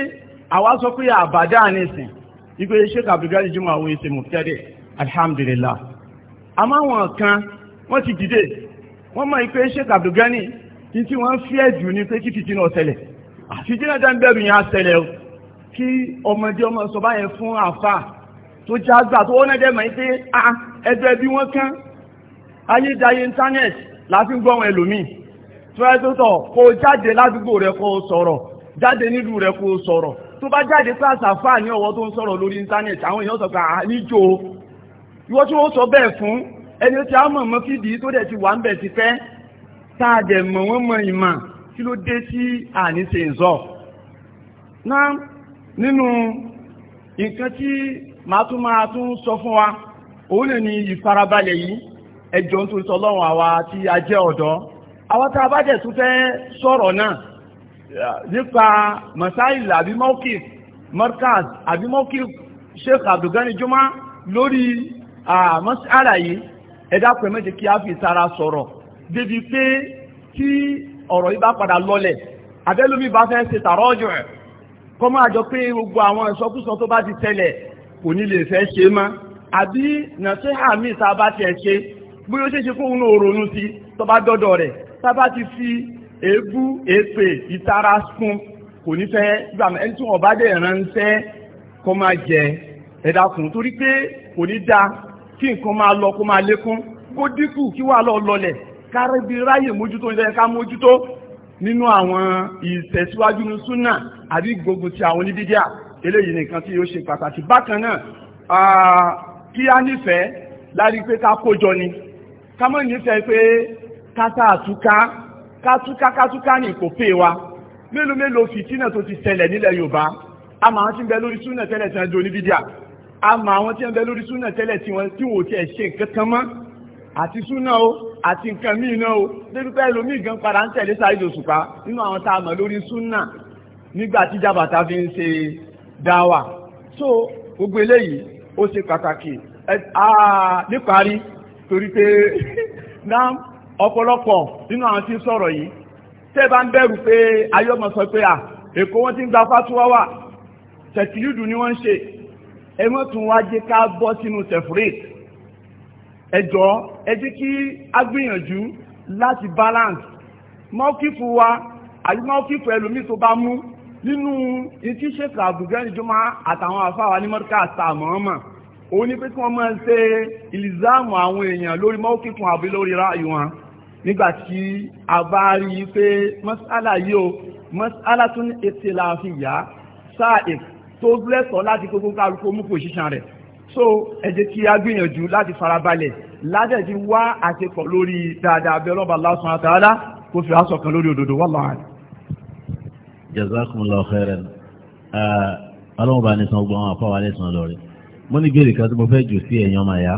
àwa sọ pé àbádà nìsìn ipé sheik abdulgari jimoh àwọn èsè mọ̀tẹ́dẹ̀ alhamdulillah àmọ́ àwọn kan wọ́n ti dìde wọ́n mọ̀ pé sheik abdulgani kí tí wọ́n fi ẹ̀jù ni pé kí fìtínà ọ̀sẹ̀lẹ̀ fìtínà dá ń bẹ̀rù yẹn àṣẹlẹ̀ o kí ọmọdé ọmọ sọ báyẹn fún àfà tó já gbà tó wọ́n dẹ̀ mọ̀ pé a ah, ah, ẹgbẹ́ bí wọ́n kán ayédáyé internet láti ń gbọ́wọn ẹlòmíì tó yẹ tó tọ̀ kó jáde ládùúgbò rẹ kó sọ̀rọ̀ jáde nílùú rẹ kó sọ̀rọ̀ tó bá jáde class àfà ní ọwọ́ tó ń sọ̀rọ̀ lórí internet àwọn èèyàn sọ pé à ah, níjó ìwọ́n tí wọ́n sọ bẹ́ẹ̀ fún ẹni ó ti àmọ̀ mọ́ fídìí tó dẹ̀ ti wà ń bẹ̀ ti fẹ́ tá a dẹ̀ mọ̀ wọ́n mọ ìmọ̀ kí ló dé tí àní ṣe ń zọ. náà nínú nǹkan tí màá tún máa tún sọ fún wa òun lè ní ìfarabalẹ̀ yìí ẹjọ́ nítorí tọ́lọ́run àwa tí a jẹ́ ọ̀dọ́ àwa tá a bá dẹ̀ tún fẹ́ sọ̀rọ̀ náà nípa masáìlì àbí mọ́kìf markaz àbí mọ́kìf sheikh abdulgani juma lórí masala yìí ẹ̀dá pẹ̀ mẹ́jẹ kí a fi sára sọ̀rọ̀ débi pé kí ọ̀rọ̀ yìí bá padà lọlẹ̀ abẹ́lómi bá fẹ́ ṣe tààrọ̀ ọjọ́ ẹ̀ kọ́ máa jọ pé gbogbo àwọn ìsọkúsọ tó bá ti tẹ́lẹ̀ kò ní lè fẹ́ ṣe mọ́ àbí nàṣẹ́hà míì tá a bá tiẹ̀ ṣe bóyá ó ṣe ṣe fóun náà sí tó bá dọ́dọ̀ rẹ̀ tá bá ti fi èébú èpè ìtara fún kò ní fẹ́ gbà ẹni tí wọ́n bá dẹ̀ ránṣẹ́ kọ́ máa ẹ̀dá kùn torí pé kò ní dáa kí nǹkan máa lọ kó máa lékún kó dínkù kí wàá lọ lọlẹ̀ kárẹ́bí ráyè mójútó ń yẹ ká mójútó nínú àwọn ìtẹ̀síwájú ní súnà àbí gbogbo ti àwọn onídídíà eléyìí nìkan tí yóò ṣe pàtàkì bákan náà kí á nífẹ̀ẹ́ láti pé ká kójọ ni ká mọ̀ nífẹ̀ẹ́ pé kátà àtúká kátúká kátúká ní kò pé wa mélòó mélòó fìtínà tó ti ṣẹlẹ̀ nílẹ̀ Yorùbá a máa ti bẹ lórí súnà tẹ́lẹ̀ tẹ́lẹ̀ di onídídíà a mọ àwọn tí wọ́n bẹ lórí súnà tẹ́lẹ̀ tí wọ́n tí wò tí ẹ̀ ṣe nǹkan mọ́ àti súnà o àti nǹkan míì náà o débi pé ẹlòmíì gan padà ń tẹ̀lé Saheed Òṣùpá nínú àwọn tá a mọ̀ lórí súnà nígbà tí jàbàtà fi ń ṣe dáwà so gbogbo eléyìí ó ṣe pàtàkì níparí torí pé [LAUGHS] náà ọ̀pọ̀lọpọ̀ nínú àwọn tí ń sọ̀rọ̀ yìí tẹ́ bá ń bẹ̀rù pé ayọ́mọ sọ pé à èkó wọ́n ti ń gba fátúwá wà tẹ̀tìlídùú ni wọ́n ń ṣe ẹ má tún wá jẹ́ ká bọ́ sínú tefrit ẹ jọ̀ọ́ ẹ jẹ́ kí a gbìyànjú láti balance mọ́kífù wa àti mọ́kífù ẹlòmíì tó bá mú nínú etí ṣèkà àbùgẹ́nìjọ́mọ́ àtàwọn àfáwà ní mọ́ríkà àtàmọ́ọ́mọ́ òun ni pé kí wọ́n máa ń ṣe ìlìzáàmù àwọn èèyàn lórí mọ́kífù àbí lórí ráàyè wọn nígbàtí a bá rí i pé mọ́sálà yìí o mọ́sálà tún ètè làáfíà sáà èkó tó lẹ́tọ̀ọ́ láti gbogbo kálukú mú pòṣíṣàn rẹ̀ so ẹ jẹ́ kí a gbìyànjú láti farabalẹ̀ ládẹ̀dí wá àṣepọ̀ lórí dáadáa abẹ́ ọlọ́ba Allah subhanahu wa ta'ala kó fi aṣọ kan lórí òdòdó wallahu a'lam. jazakumullahu khairan ọlọ́run bá ní san gbọ́n àwọn afọ́wà lẹ́sàn lọ rẹ̀ mo ní gbèrè kan tí mo fẹ́ jù sí ẹ̀yàn ọmọ ẹ̀yà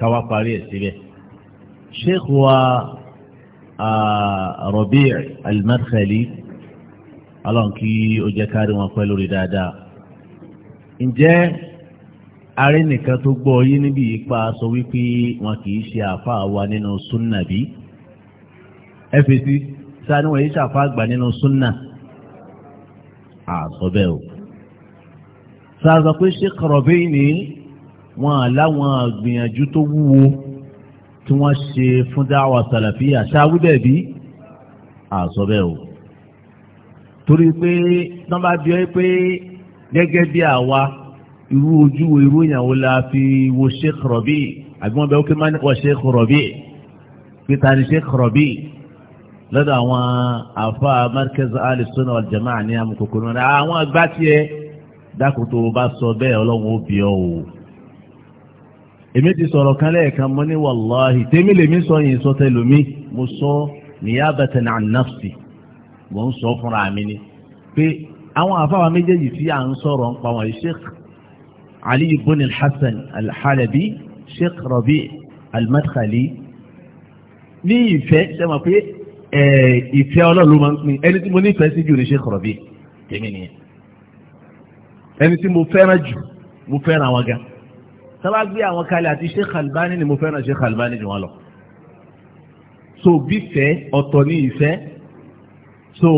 káwá parí ẹ̀ síbẹ̀ sheikh wa Rabi' al-Madkhali kí ó jẹ́ kárí wọn pẹ́ lórí dáadáa ǹjẹ́ arẹ nìkan tó gbọ́ yé níbi ipa sọ wípé wọn kì í ṣe àfa wa nínú súnà bí ẹ fèsì sáà ni wọn yìí ṣàfa àgbà nínú súnà àsọ bẹ́ẹ̀ o sáàsọ pé ṣé kọ̀rọ̀bẹ́yìn ni wọn àláwọn àgbìyànjú tó wúwo tí wọ́n ṣe fún dáwà sàlàfíà ṣáwí bẹ́ẹ̀ bí àsọ bẹ́ẹ̀ o torí pé tán bí ọ pé gẹ́gẹ́ bí àwa irú ojú irú ìyàwó la fi wo Sheikh Rabi àbí wọ́n bẹ wọ́n kí máa ń wọ Sheikh Rabi peter ní Sheikh Rabi lọ́dọ̀ àwọn àfa Markaz al-Sunna wal Jama'a ní amukokoro náà àwọn àgbà tiẹ̀ dákòtò bá sọ bẹ́ẹ̀ ọlọ́run ó bí ọ o èmi ti sọ̀rọ̀ kan lẹ́ẹ̀kan mo ní wàláhì tèmi lèmi sọ yìí sọ tẹlomi mo sọ niyabatan an nafsi mo ń sọ fúnra mi ni pé àwọn àfáwà méjèèjì tí a ń sọ̀rọ̀ ń pa wọn sheikh ali ibn al-hasan al-halabi sheikh rabi al-madkhali ní ìfẹ́ ṣe mọ̀ pé ìfẹ́ ọlọ́run máa ń pin ẹni tí mo nífẹ̀ẹ́ sí jù ní sheikh rabi tèmi nìyẹn ẹni tí mo fẹ́ràn jù mo fẹ́ràn àwọn gan sábà gbé àwọn kalẹ̀ àti sheikh albani ni mo fẹ́ràn sheikh albani jù wọn lọ so bí ọ̀tọ̀ ní ìfẹ́ so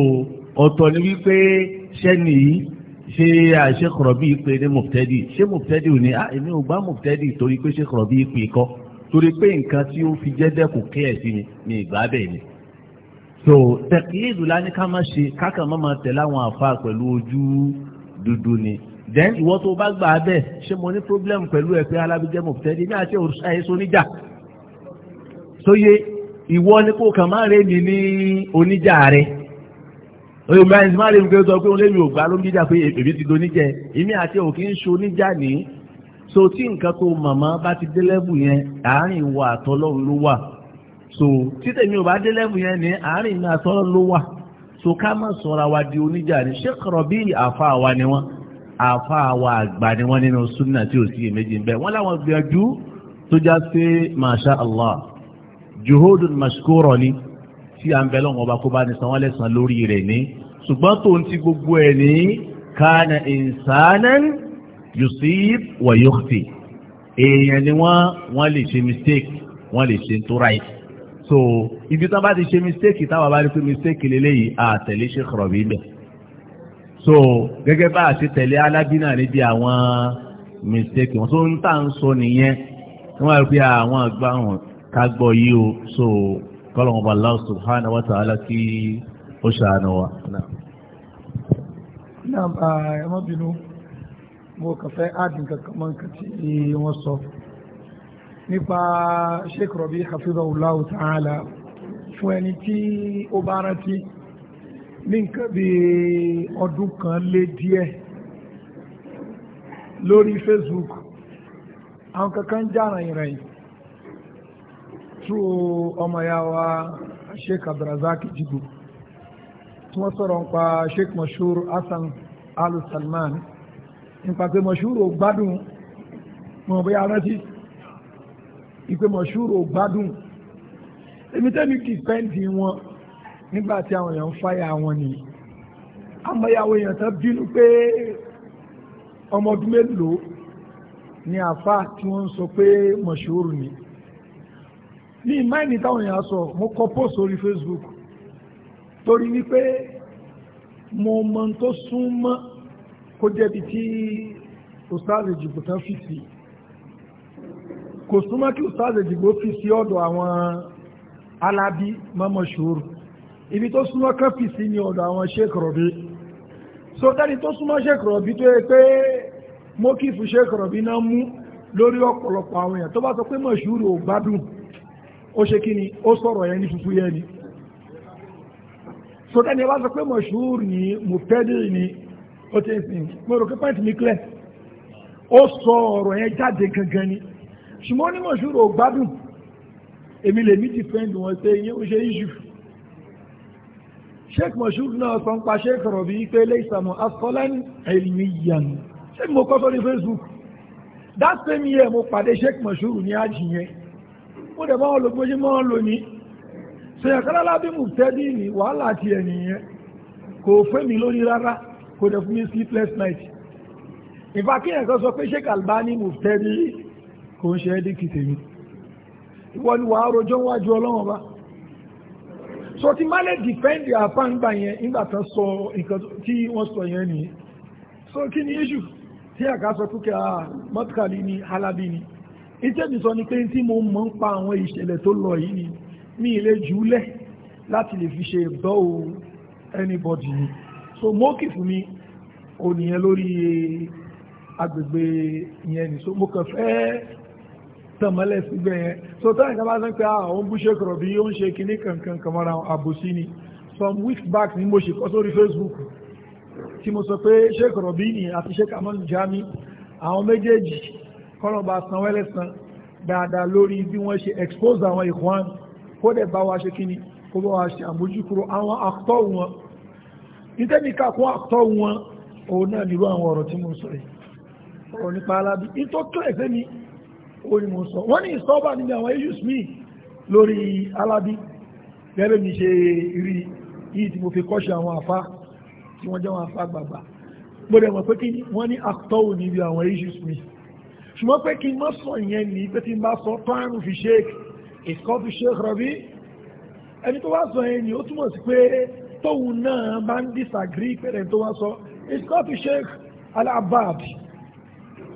ọ̀tọ̀ ní wípé sẹ́ni yìí ṣé àṣekọ̀rọ̀ bí ipe ní mọ̀tẹ́dì ṣé mọ̀tẹ́dì ò ní à ah, èmi ò bá mọ̀tẹ́dì torí pé ṣekọ̀rọ̀ bí ipe kọ́ torí pé nǹkan tí ó fi jẹ́dẹ́ kò kílẹ̀ sí mi ní ìgbà bẹ́ẹ̀ ni. so tẹ̀kílìdù la ní ká má ṣe káka má máa tẹ̀lé àwọn àfa pẹ̀lú ojú dúdú ni then ìwọ tó bá gbà bẹ́ẹ̀ ṣé mo ní problem pẹ̀lú ẹ pé alábíjẹ́ mọ̀tẹ́dì ní àti òrùsá yẹn ni kò oye máa ń sọ máa lè fi kéré sọ pé òun lébi ògbà ló ń jíjà pé èmi ti do níjẹ èmi àti òkè ń so níjà ní so tí nǹkan tó màmá bá ti dé lẹ́bù yẹn àárín ìwọ àtọlọ́run ló wà so tí tèmi ò bá dé lẹ́bù yẹn ní àárín ìwọ àtọlọ́run ló wà so ká má sọra wa di oníjà ní Sheikh Rabi àfa wa ni wọn àfa wa àgbà ni wọn nínú súnà tí ò sí èméjì ń bẹ láwọn gbìyànjú tó já sí masha Allah juhudun mashkuro ni tí a ń bẹ lọ́wọ́ ọba kó bá ní san wọ́n lẹ́sàn lórí rẹ̀ ní ṣùgbọ́n tó ń ti gbogbo ẹ̀ ní kana insanan yusuf wa yukhti èèyàn ni wọ́n wọ́n lè ṣe mistake wọ́n lè ṣe tó right so ibi tó bá ti ṣe mistake táwọn bá rí pé mistake lélẹ́yìí àtẹ̀lé ṣe kọ̀rọ̀ bí bẹ̀ so gẹ́gẹ́ bá a ṣe tẹ̀lé alábínà níbi àwọn mistake wọn tó ń tà ń sọ nìyẹn wọ́n rí pé àwọn àgbà wọn ká gbọ́ yìí o so kọ́lọ̀mù Allah subhanahu wa ta'ala kí ó ṣàánú wa. Náà bá ẹmọ́ bínú, mo kàn fẹ́ ádùn kankan mọ́ nǹkan tí wọ́n sọ. Nípa Sheikh Rabi Hafizahullah ta'ala fún ẹni tí ó bá rántí ní nǹkan bí ọdún kan lé díẹ̀ lórí Facebook. Àwọn kankan jára ìrẹ̀yìn through ọmọ ya wa sheikh abdulrazak jibu tí wọ́n sọ̀rọ̀ nípa sheikh mashur hasan alu salman nípa pé mashur ò gbádùn mọ̀ bóyá rántí ìpè mashur ò gbádùn èmi tẹ́mi kì í pẹ́ǹtì wọn nígbà tí àwọn èèyàn ń fáyà wọn nìyí amọ̀yàwó èèyàn tán bínú pé ọmọ ọdún mélòó ni àfáà tí wọ́n ń sọ pé mashur ni ní ìmáìnì táwọn èèyàn sọ mo kọ post orí Facebook torí wípé mo mọ tó súnmọ́ kó jẹ́bi tí ustaz Ejigbo tán fi sí kò súnmọ́ kí ustaz Ejigbo fi sí ọ̀dọ̀ àwọn alábí mọ́mọ́ ṣòro ibi tó súnmọ́ kan fi sí ní ọ̀dọ̀ àwọn Sheikh Rabi so tẹ́ni tó súnmọ́ Sheikh Rabi tó yẹ pé mo kí fún Sheikh Rabi náà mú lórí ọ̀pọ̀lọpọ̀ àwọn èèyàn tó bá sọ pé mọ̀ gbádùn ó ṣe kí ni ó sọ̀rọ̀ yẹn ní fufu yẹn ni so tẹ́ni wá sọ pé mọ̀ṣúr ni mùtẹ́dì ni ó ti ń sìn mo rò pé pẹ́ǹtì mi clear ó sọ yẹn jáde gangan ni ṣùgbọ́n ní mọ̀ṣúr ò gbádùn èmi lè mí dìfẹ́ǹdì wọn pé yẹn ó ṣe iṣu sheikh mọ̀ṣúr náà sọ ń pa sheikh rọ̀bì pé lẹ́sàmù asọ́lẹ́ni ẹ̀lìmíyàn ṣé mo kọ́ sórí facebook that same year mo pàdé sheikh mọ̀ṣúr ní àjì ó dẹ̀ bá wọn lò bí ó ṣe máa ń lò ní ṣèyàkálá lábí mú tẹ́dí ní wàhálà àti ẹ̀yìn yẹn kò fẹ́ mi lórí rárá kò dẹ̀ fún mi sleepless night ìfà kí ẹ̀kan sọ pé Sheikh Albani mú tẹ́dí kò ń ṣe ẹ́ dìkì tèmi ìwọ ni wàá rojọ́ wájú ọlọ́wọ́n bá so ti má lè dìpẹ́ndì àpáǹgbà yẹn nígbà tán sọ nǹkan tí wọ́n sọ yẹn nìyẹn so kí ni issue tí ẹ̀ka sọ pé kí ni halabi ni ìtẹ́jì sọ ni pé tí mo mọ̀ ń pa àwọn ìṣẹ̀lẹ̀ tó lọ yìí ni mi ilé jùúlẹ̀ láti lè fi ṣe ìbọ́ o anybody ni so mọ́kì fún mi ò nìyẹn lórí agbègbè yẹn ni so mo kàn fẹ́ tẹ̀mọ́lẹ̀ sígbẹ̀ yẹn so táwọn ìjọba sọ pé àwọn ń búṣe kọ̀rọ̀ bí ó ń ṣe kinní kankan kamara àbòsí ni some weeks back ni mo ṣe kọ́ sórí Facebook tí mo sọ pé ṣe kọ̀rọ̀ bí ni àti ṣe kàmọ́ jami àwọn méjèèjì kọ́lọ̀bà san wẹ́lẹ̀ san dáadáa lórí bí wọ́n ṣe expose àwọn ikhwan kó dẹ̀ bá wa ṣe kí ni kó bá wa ṣe àmójúkúrò àwọn àtọ́ wọn nítẹ́nìká kún àtọ́ wọn òun náà nílò àwọn ọ̀rọ̀ tí mo sọ yìí ọ̀rọ̀ nípa alábi nítọ́ tó ẹ̀fẹ́ mi ó ní mo sọ wọ́n ní ìsọ́bà nínú àwọn issues mi lórí alábi gẹ́gẹ́ mi ṣe rí yìí tí mo fi kọ́ṣe àwọn àfá tí wọ́n jẹ́ àwọn àfá gbàgbà mo mọ̀ pé kí wọ́n ní àtọ́ òní bí àwọn issues mi ṣùgbọ́n pé kí n mọ́ sọ ìyẹn ní pé tí n bá sọ tọ́rùn fi sheik ìkọ́tù sheik rabi ẹni tó wá sọ yẹn ni ó túmọ̀ sí pé tóun náà bá ń disagree pé ẹni tó wá sọ ìkọ́tù sheik alábàbí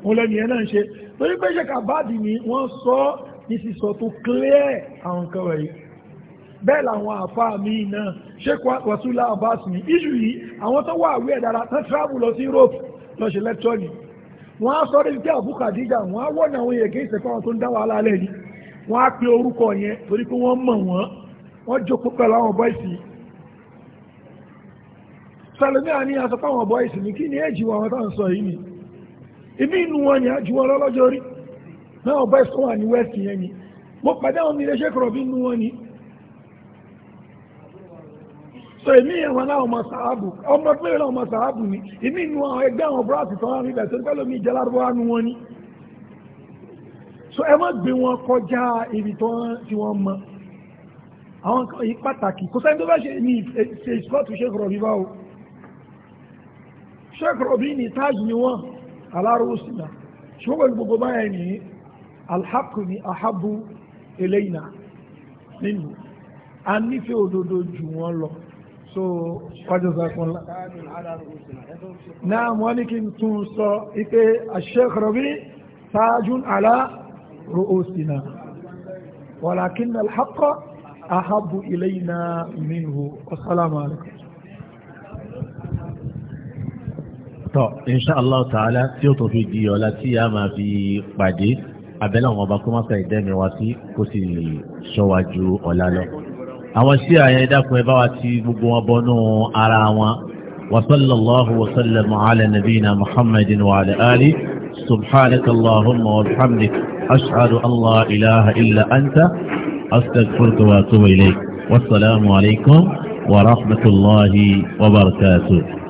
òun lẹ́nu yẹn náà ń ṣe torí pé sheik abadi ni wọ́n sọ ní sísọ tó clear àwọn nǹkan wọ̀nyí bẹ́ẹ̀ làwọn àfáà míì náà sheik wasula abbas ni issue yìí àwọn tó wà àwẹ̀ dára tán travel lọ sí Europe lọ ṣe lecture wọ́n á sọ débi pé àbúkà wọ́n á wọ́nà àwọn èèyàn kì tó ń dá wàhálà alẹ́ ni wọ́n á pe orúkọ yẹn torí pé wọ́n mọ̀ wọ́n wọ́n jókòó pẹ̀lú àwọn bọ́ìsì salomi àní aṣọ fáwọn bọ́ìsì ni kí ni èjì wọn àwọn sọ yìí ni inú wọn ni àjù wọn lọ́lọ́jọ́ rí náà bọ́ìsì wà ní west yẹn ni mo pàdé àwọn so èmi ìran láwọn ọmọ sàábù ọmọ péré láwọn ọmọ sàábù ni èmi nu àwọn ẹgbẹ́ àwọn búrásì tán wà níbẹ̀ tó ń pẹ́lú mi ìjẹ́ lárúbáwá nu wọn ni so ẹ má gbé wọn kọjá ibi tí wọ́n mọ àwọn kan yìí pàtàkì kò sẹ́ni tó bá ṣe ní ṣe ìsọ́ọ̀tù ṣe kọ̀rọ̀ bíbá o sheikh robi ni taaj ni wọn alárùsùnà ṣùgbọ́n gbogbo báyẹn ni alhaku ni ahabu eléyìnà nínú a nífẹ̀ẹ́ òdodo jù wọn lọ so wájú sàkún la. náà wọ́n ní kí n tún sọ ipe Sheikh Rabi tajun ala ru'usina walakin alhaqqa ahabu ilayna minhu assalamu alaikum. tọ́ insha allah ta'ala tí ó tó fi di ọ̀la tí a máa fi pàdé abẹ́lẹ̀ àwọn ọba kó má sa ìdẹ́mi sí kó sì ṣọ́wájú ọ̀la lọ. àwọn sí àyẹ̀ dákun ẹ bá wa ti gbogbo wọn bọnú ara wọn wasallallahu wasallam ala nabina muhammadin wa ala ali subhanaka allahumma wa bihamdik ashhadu an la ilaha illa anta astaghfiruka wa atubu ilayk wassalamu alaykum wa rahmatullahi wa barakatuh